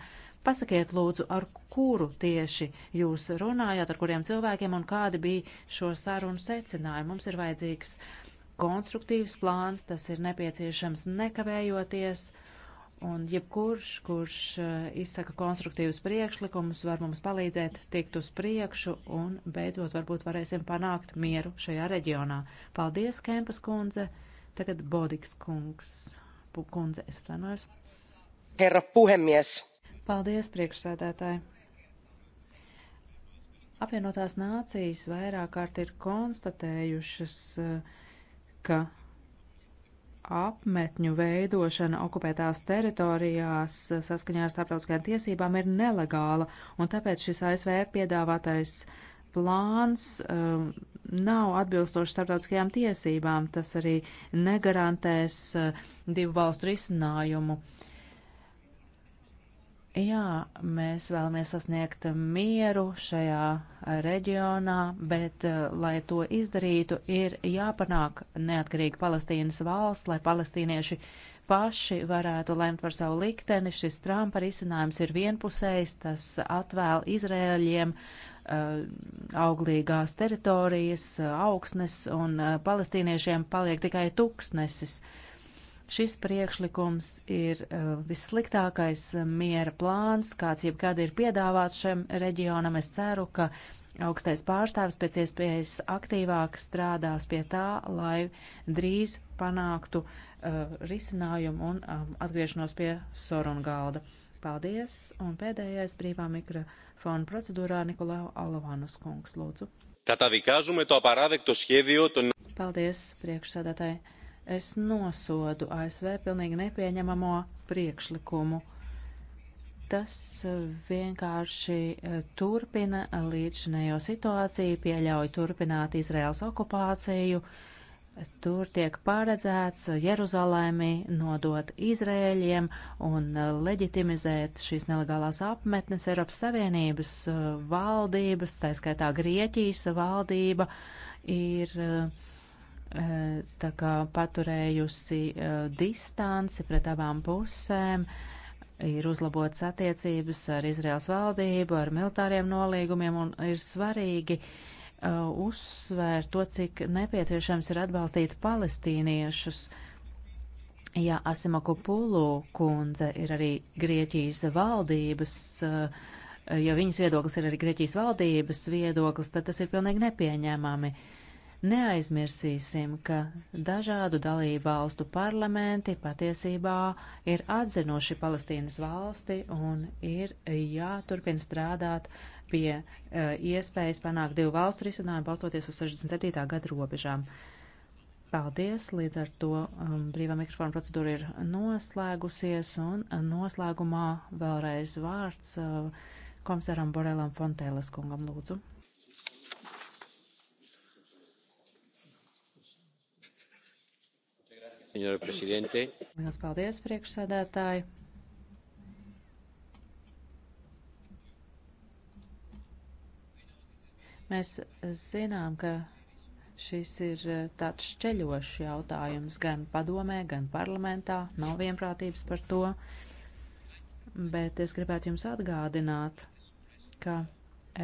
S1: Pasakiet lūdzu, ar kuru tieši jūs runājāt, ar kuriem cilvēkiem un kādi bija šo sarunu secinājumi. Mums ir vajadzīgs konstruktīvs plāns, tas ir nepieciešams nekavējoties. Uh, un jebkurš, kurš eh, izsaka konstruktīvus priekšlikumus, var mums palīdzēt tikt uz priekšu un beidzot varbūt varēsim panākt mieru šajā reģionā. Paldies, Kempas kundze, tagad Bodiks kungs, kundze, es atvainojos. Herra puhemies. Paldies, priekšsēdētāji. Apvienotās nācijas vairāk kārt ir konstatējušas, eh, ka apmetņu veidošana okupētās teritorijās saskaņā ar starptautiskajām tiesībām ir nelegāla, un tāpēc šis ASV piedāvātais plāns um, nav atbilstošs starptautiskajām tiesībām. Tas arī negarantēs uh, divu valstu risinājumu. Uh, Jā, mēs vēlamies sasniegt mieru šajā reģionā, bet, eh, lai to izdarītu, ir jāpanāk neatkarīga Palestīnas valsts, lai palestīnieši paši varētu lemt par savu likteni. Šis Trumpa risinājums ir vienpusējs, tas atvēl Izrēļiem eh, auglīgās teritorijas, eh, augsnes, un palestīniešiem paliek tikai tuksnesis. Uh, Šis priekšlikums ir eh, vissliktākais eh, miera plāns, kāds jebkad ir piedāvāts šiem reģionam. Es ceru, ka augstais pārstāvis pēc iespējas aktīvāk strādās pie tā, lai drīz panāktu uh, risinājumu un um, atgriešanos pie sorunu galda. Paldies! Un pēdējais brīvā mikrofona procedūrā Nikolau Alavanus kungs, lūdzu. Paldies, priekšsēdētāji! Es nosodu ASV pilnīgi nepieņemamo priekšlikumu. Tas eh, vienkārši eh, turpina līdzinējo situāciju, pieļauj turpināt Izraels okupāciju. Tur tiek paredzēts Jeruzalēmi nodot Izrēļiem un eh, leģitimizēt šīs nelegālās apmetnes Eiropas Savienības valdības, tā skaitā Grieķijas valdība ir uh, Eh, tā kā paturējusi eh, distanci pret abām pusēm, ir uzlabotas attiecības ar Izraels valdību, ar militāriem nolīgumiem un ir svarīgi eh, uzsvērt to, cik nepieciešams ir atbalstīt palestīniešus. Ja Asimaku Pulu kundze ir arī Grieķijas valdības uh, ja viņas viedoklis ir arī Grieķijas valdības viedoklis, tad tas ir pilnīgi nepieņēmami. Neaizmirsīsim, ka dažādu dalību valstu parlamenti patiesībā ir atzinuši Palestīnas valsti un ir jāturpina strādāt pie uh, iespējas panākt divu valstu risinājumu balstoties uz 67. gadu robežām. Paldies, līdz ar to um, brīvā mikrofona procedūra ir noslēgusies un noslēgumā vēlreiz vārds uh, komisaram Borelam Fontēles kungam lūdzu.
S3: senora prezidente.
S1: Lielas paldies, priekšsēdētāji. Mēs zinām, ka šis ir eh, tāds šķeļošs jautājums gan padomē, gan parlamentā. Nav vienprātības par to. Bet es gribētu jums atgādināt, ka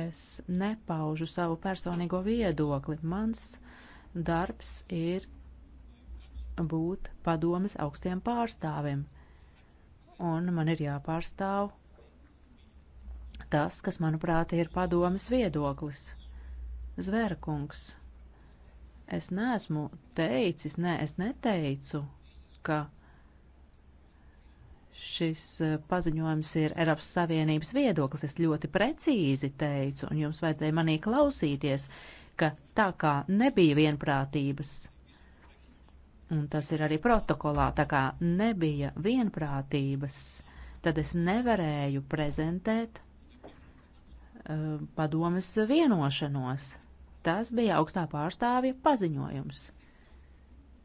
S1: es nepaužu savu personīgo viedokli. Mans darbs ir būt padomas augstiem pārstāvim. Un man ir jāpārstāv tas, kas, manuprāt, ir padomas viedoklis. Zvērkungs, es neesmu teicis, nē, ne, es neteicu, ka šis eh, paziņojums ir Eiropas Savienības viedoklis. Es ļoti precīzi teicu, un jums vajadzēja manī klausīties, ka tā kā nebija vienprātības un tas ir arī protokolā, tā kā nebija vienprātības, tad es nevarēju prezentēt uh, eh, padomas vienošanos. Tas bija augstā pārstāvja paziņojums.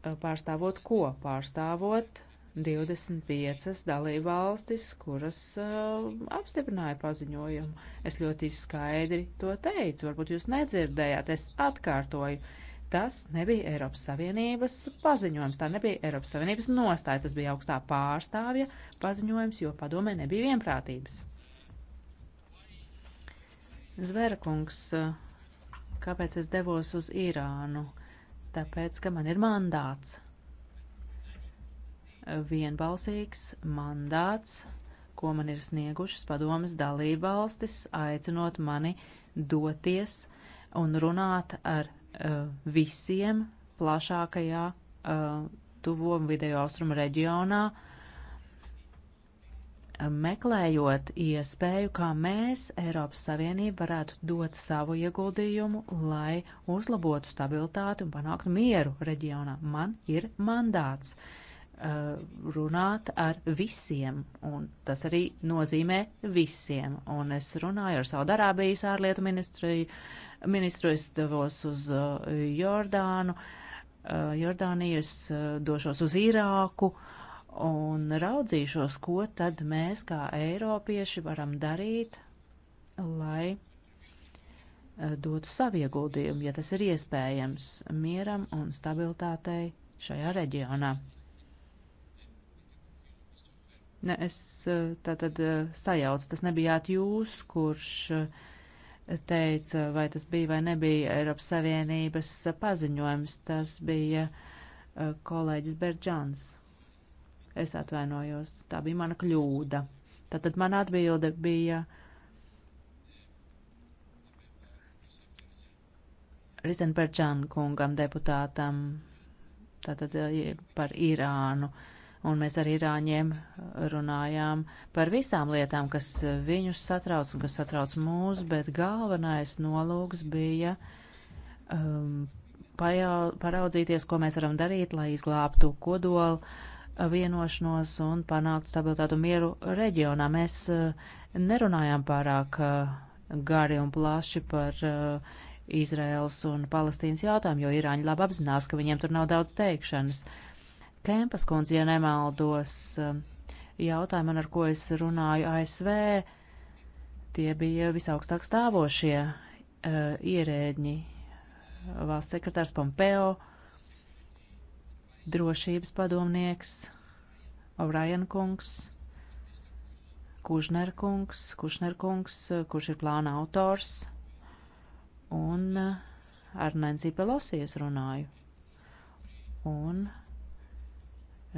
S1: Uh, pārstāvot ko? Pārstāvot 25 dalībvalstis, kuras uh, apstiprināja paziņojumu. Es ļoti skaidri to teicu, varbūt jūs nedzirdējāt, es atkārtoju. Uh, Tas nebija Eiropas Savienības paziņojums, tā nebija Eiropas Savienības nostāja, tas bija augstā pārstāvja paziņojums, jo padomē nebija vienprātības. Zverakungs, kāpēc es devos uz Irānu? Tāpēc, ka man ir mandāts. Vienbalsīgs mandāts, ko man ir sniegušas padomas dalībvalstis, aicinot mani doties un runāt ar Eh, visiem plašākajā eh, tuvo un vidējo austrumu reģionā, eh, meklējot iespēju, kā mēs, Eiropas Savienība, varētu dot savu ieguldījumu, lai uzlabotu stabilitāti un panāktu mieru reģionā. Man ir mandāts uh, runāt ar visiem, un tas arī nozīmē visiem. Un es runāju ar Saudarābijas ārlietu ministriju, uh, ministru, es devos uz uh, Jordānu, uh, Jordānijas uh, došos uz Irāku un raudzīšos, ko tad mēs kā eiropieši varam darīt, lai dotu savu ieguldījumu, ja tas ir iespējams, mieram un stabilitātei šajā reģionā. Ne, es tātad sajaucu, tas nebijāt jūs, kurš uh, teica, vai tas bija vai nebija Eiropas Savienības paziņojums. Tas bija eh, kolēģis Berģāns. Es atvainojos, tā bija mana kļūda. Tātad mana atbilde bija Risenberģāna kungam deputātam tātad eh, par Irānu. Uh, un mēs ar Irāņiem runājām par visām lietām, kas viņus satrauc un kas satrauc mūs, bet galvenais nolūks bija um, pajau, paraudzīties, ko mēs varam darīt, lai izglābtu kodolu uh, vienošanos un panāktu stabilitātu mieru reģionā. Mēs uh, nerunājām pārāk uh, gari un plaši par uh, Izraels un Palestīnas jautājumu, jo Irāņi labi apzinās, ka viņiem tur nav daudz teikšanas. Uh, Kempas kundze, ja nemaldos, um, jautāja man, ar ko es runāju ASV. Tie bija visaugstāk stāvošie uh, ierēģi, valsts sekretārs Pompeo, drošības padomnieks O'Brien kungs, Kužner kungs, Kušner kungs, uh, kurš ir plāna autors, un uh, ar Nancy Pelosi es runāju. Un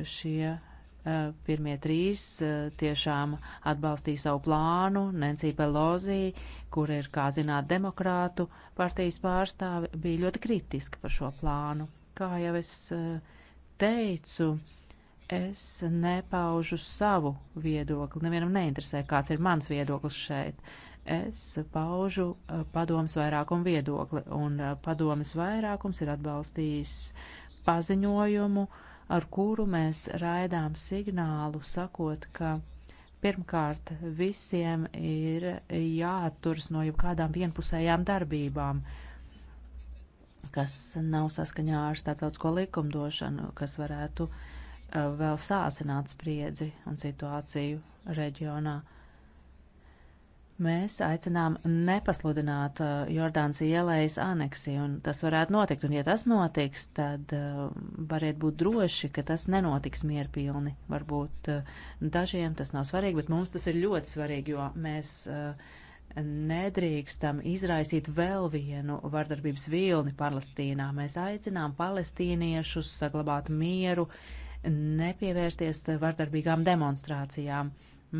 S1: šie eh, pirmie trīs eh, tiešām atbalstīja savu plānu. Nancy Pelosi, kur ir, kā zināt, demokrātu partijas pārstāve, bija ļoti kritiska par šo plānu. Kā jau es eh, teicu, es nepaužu savu viedokli. Nevienam neinteresē, kāds ir mans viedoklis šeit. Es paužu padomas vairākumu viedokli, un padomas vairākums ir atbalstījis paziņojumu, uh, ar kuru mēs raidām signālu, sakot, ka pirmkārt visiem ir jāatturas no jau kādām vienpusējām darbībām, kas nav saskaņā ar starptautisko likumdošanu, kas varētu uh, vēl sāsināt spriedzi un situāciju reģionā. Mēs aicinām nepasludināt uh, Jordānas ielējas aneksiju, un tas varētu notikt, un ja tas notiks, tad uh, variet būt droši, ka tas nenotiks mierpilni. Varbūt uh, dažiem tas nav svarīgi, bet mums tas ir ļoti svarīgi, jo mēs nedrīkstam izraisīt vēl vienu vardarbības vilni Palestīnā. Mēs aicinām palestīniešus saglabāt mieru, nepievērsties vardarbīgām demonstrācijām.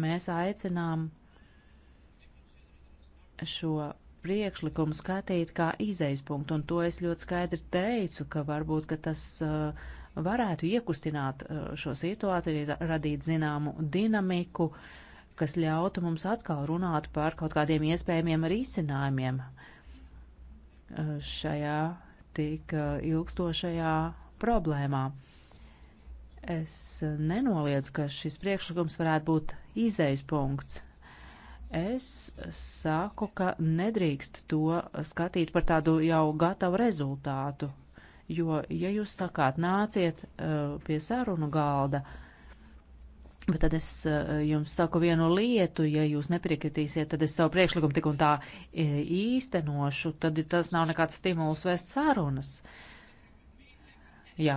S1: Mēs aicinām šo priekšlikumu skatīt kā izejas punktu, un to es ļoti skaidri teicu, ka varbūt, ka tas uh, varētu iekustināt uh, šo situāciju, radīt zināmu dinamiku, kas ļautu mums atkal runāt par kaut kādiem iespējamiem risinājumiem uh, šajā tik ilgstošajā problēmā. Es nenoliedzu, ka šis priekšlikums varētu būt izejas punkts Es saku, ka nedrīkst to skatīt par tādu jau gatavu rezultātu, jo, ja jūs sakāt, nāciet uh, pie sarunu galda, bet tad es uh, jums saku vienu lietu, ja jūs nepiekritīsiet, tad es savu priekšlikumu tik un tā uh, īstenošu, tad tas nav nekāds stimuls vēst sarunas. Uh, jā,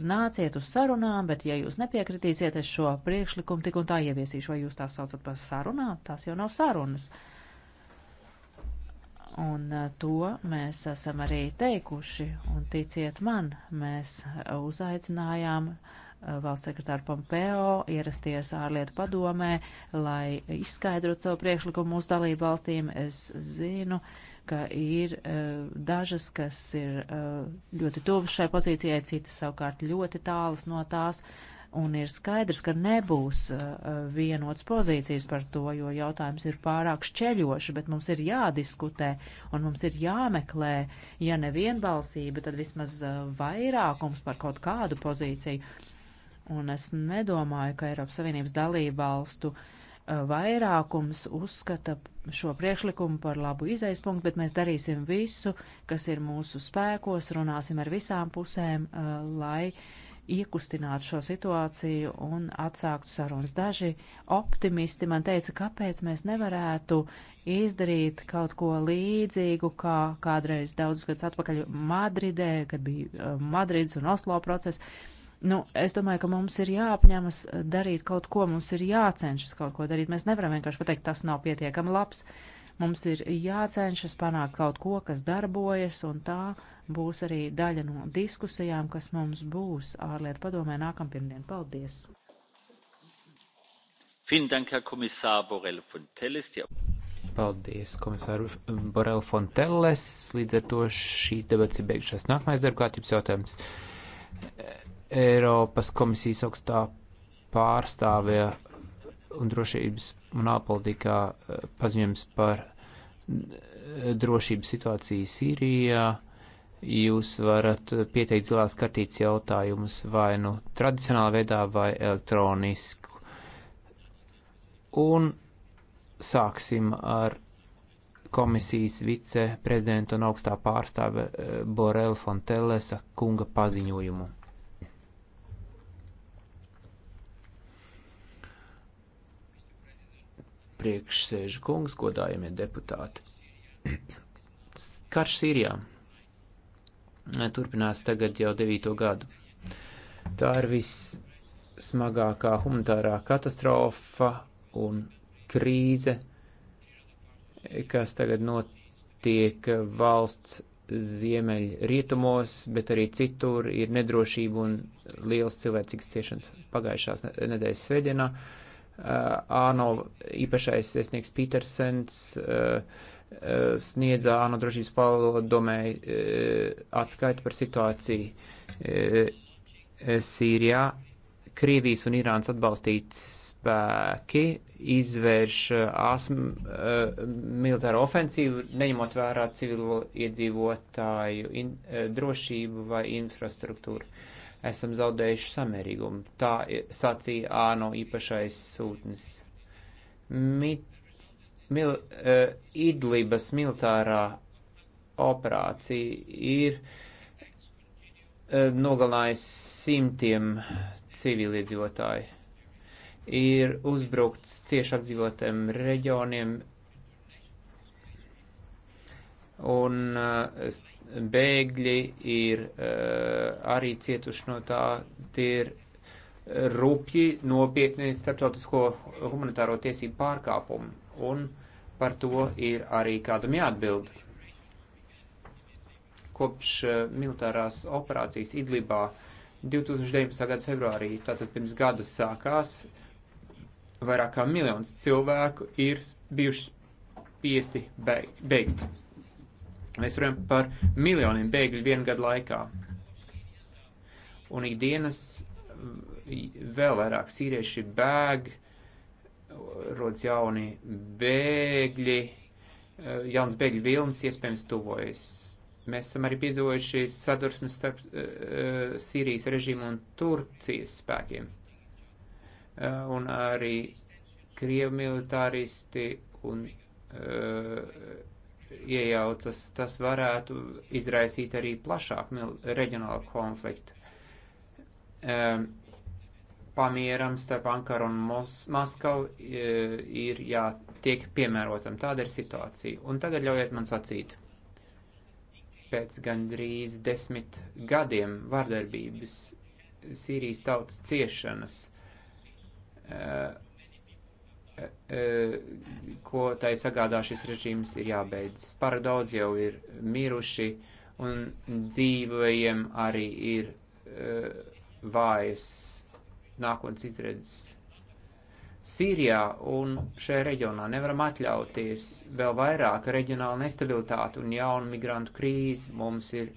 S1: nāciet uz sarunām, bet ja jūs nepiekritīsiet, es šo priekšlikumu tik un tā ieviesīšu, vai jūs tās saucat par sarunām, tās jau nav sarunas. Un eh, to mēs esam arī teikuši, un ticiet man, mēs uzaicinājām eh, valsts sekretāru Pompeo ierasties ārlietu padomē, lai izskaidrotu savu priekšlikumu mūsu dalību valstīm. Es zinu, uh, ka ir uh, dažas, kas ir uh, ļoti tuvu šai pozīcijai, citas savukārt ļoti tālas no tās. Un ir skaidrs, ka nebūs uh, e, vienots pozīcijas par to, jo jautājums ir pārāk šķeļoši, bet mums ir jādiskutē un mums ir jāmeklē, ja nevienbalsība, tad vismaz uh, vairākums par kaut kādu pozīciju. Un es nedomāju, ka Eiropas Savienības dalību valstu uh, vairākums uzskata šo priekšlikumu par labu izaisa punktu, bet mēs darīsim visu, kas ir mūsu spēkos, runāsim ar visām pusēm, eh, lai iekustinātu šo situāciju un atsāktu sarunas. Daži optimisti man teica, kāpēc mēs nevarētu izdarīt kaut ko līdzīgu, kā kādreiz daudzus gadus atpakaļ Madridē, kad bija eh, Madrids un Oslo process Nu, es domāju, ka mums ir jāapņemas eh, darīt kaut ko, mums ir jācenšas kaut ko darīt. Mēs nevaram vienkārši pateikt, tas nav pietiekami labs. Mums ir jācenšas panākt kaut ko, kas darbojas, un tā būs arī daļa no diskusijām, kas mums būs ārlietu padomē nākampirdien. Paldies!
S3: Paldies, komisāru Borel Fonteles. Līdz ar to šīs debats ir beigušās. Nākamais darbkārtības jautājums Eiropas komisijas augstā pārstāvja un drošības un ārpolitikā eh, paziņojums par eh, drošības situāciju Sīrijā. Jūs varat pieteikt zilās kartītes jautājumus vai nu tradicionālā veidā vai elektronisku. Un sāksim ar komisijas viceprezidenta un augstā pārstāve eh, Borel Fontelesa kunga paziņojumu. priekšsēžu kungs, godājumie deputāti. Karš Sīrijā turpinās tagad jau devīto gadu. Tā ir vissmagākā humanitārā katastrofa un krīze, kas tagad notiek valsts ziemeļrietumos, bet arī citur ir nedrošība un liels cilvēcīgs ciešanas pagājušās nedēļas svētdienā. Uh, Eh, ANO īpašais iesnieks Petersens eh, eh, sniedza ANO drošības padomē atskaiti par situāciju Sīrijā. Krievijas un Irānas atbalstīts spēki izvērš asm, uh, militāru ofensīvu, neņemot vērā civilu iedzīvotāju in, uh, drošību vai infrastruktūru. Uh, esam zaudējuši samērīgumu. Tā sacīja āno īpašais sūtnis. Mit, mil, uh, Idlibas militārā operācija ir uh, nogalinājusi simtiem civiliedzīvotāju. Ir uzbrukts cieši apdzīvotiem reģioniem, un uh, bēgļi ir uh, arī cietuši no tā, tie ir eh, rupji, nopietni starptautisko humanitāro tiesību pārkāpumi, un par to ir arī kādam jāatbild. Kopš uh, militārās operācijas Idlibā 2019. gada februārī, tātad pirms gada sākās, vairāk kā miljons cilvēku ir bijuši spiesti beigt. Mēs runājam par miljoniem bēgļu vienu gadu laikā. Un ikdienas mm, vēl vairāk sīrieši bēg, rodas jauni bēgļi, eh, jauns bēgļu vilnis iespējams tuvojas. Mēs esam arī piedzīvojuši sadursmes starp uh, Sīrijas režīmu un Turcijas spēkiem. Uh, un arī Krievu militāristi un uh, iejaucas, tas varētu izraisīt arī plašāku reģionālu konfliktu. Um, pamieram starp Ankaru un Mos Maskavu e, ir jātiek piemērotam. Tāda ir situācija. Un tagad ļaujiet man sacīt. Pēc gandrīz desmit gadiem vardarbības, Sīrijas tautas ciešanas, uh, E, ko tai sagādā šis režīms, ir jābeidz. Par daudz jau ir miruši, un dzīvajiem arī ir e, vājas nākotnes izredzes. Sīrijā un šajā reģionā nevaram atļauties vēl vairāk reģionālu nestabilitātu un jaunu migrantu krīzi. Mums ir,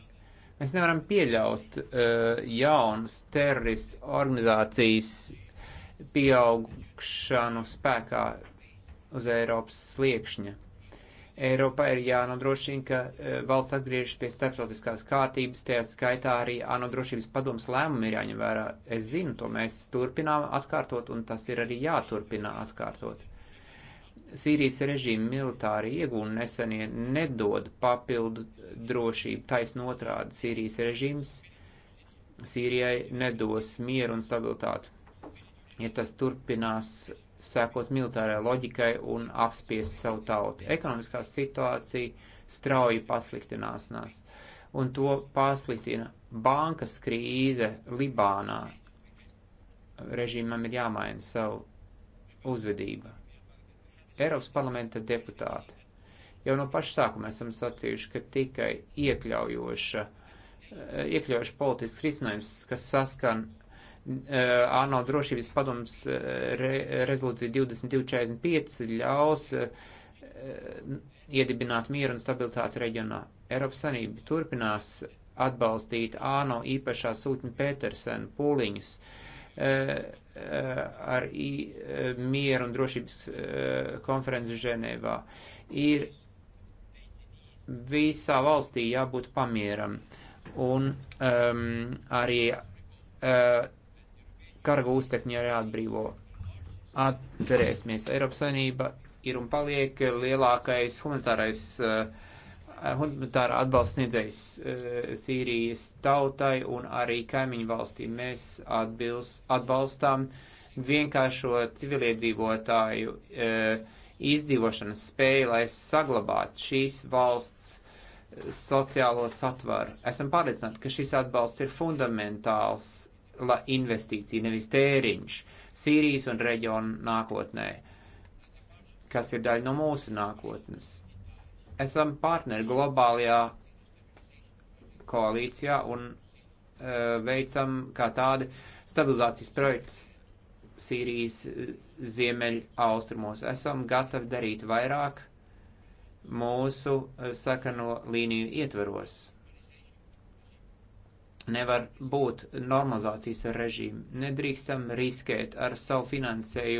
S3: mēs nevaram pieļaut uh, jaunas teroristu organizācijas pieaug, stākšanu spēkā uz Eiropas sliekšņa. Eiropā ir jānodrošina, ka e, valsts atgriežas pie starptautiskās kārtības, tajā skaitā arī ANO drošības padomas lēmumi ir jāņem vērā. Es zinu, to mēs turpinām atkārtot, un tas ir arī jāturpina atkārtot. Sīrijas režīma militāri iegūni nesenie nedod papildu drošību, taisn otrādi Sīrijas režīms Sīrijai nedos mieru un stabilitāti ja tas turpinās sekot militārai loģikai un apspiest savu tautu. Ekonomiskā situācija strauji pasliktināsnās, un to pasliktina bankas krīze Libānā. Režīmam ir jāmaina savu uzvedību. Eiropas parlamenta deputāti. Jau no paša sākuma esam sacījuši, ka tikai iekļaujoša, iekļaujoša politisks risinājums, kas saskan Eh, ANO drošības padoms eh, re, rezolūcija 2245 ļaus eh, iedibināt mieru un stabilitāti reģionā. Eiropas Sanība turpinās atbalstīt ANO īpašā sūtņa Petersena pūliņus ar mieru un drošības konferenci Ženēvā. Ir visā valstī jābūt pamieram un um, arī uh, Karga uztekņi arī atbrīvo. Atcerēsimies, Eiropas Savienība ir un paliek lielākais humanitārais uh, humanitāra atbalsts sniedzējs uh, Sīrijas tautai un arī kaimiņu valstīm. Mēs atbilst, atbalstām vienkāršo civiliedzīvotāju uh, izdzīvošanas spēju, lai saglabātu šīs valsts sociālo satvaru. Esam pārliecināti, ka šis atbalsts ir fundamentāls investīcija, nevis tēriņš Sīrijas un reģionu nākotnē, kas ir daļa no mūsu nākotnes. Esam partneri globālajā koalīcijā un uh, veicam kā tādi stabilizācijas projekts Sīrijas e, ziemeļa austrumos. Esam gatavi darīt vairāk mūsu e, sakano līniju ietveros nevar būt normalizācijas ar režīmu. Nedrīkstam riskēt ar savu finansējumu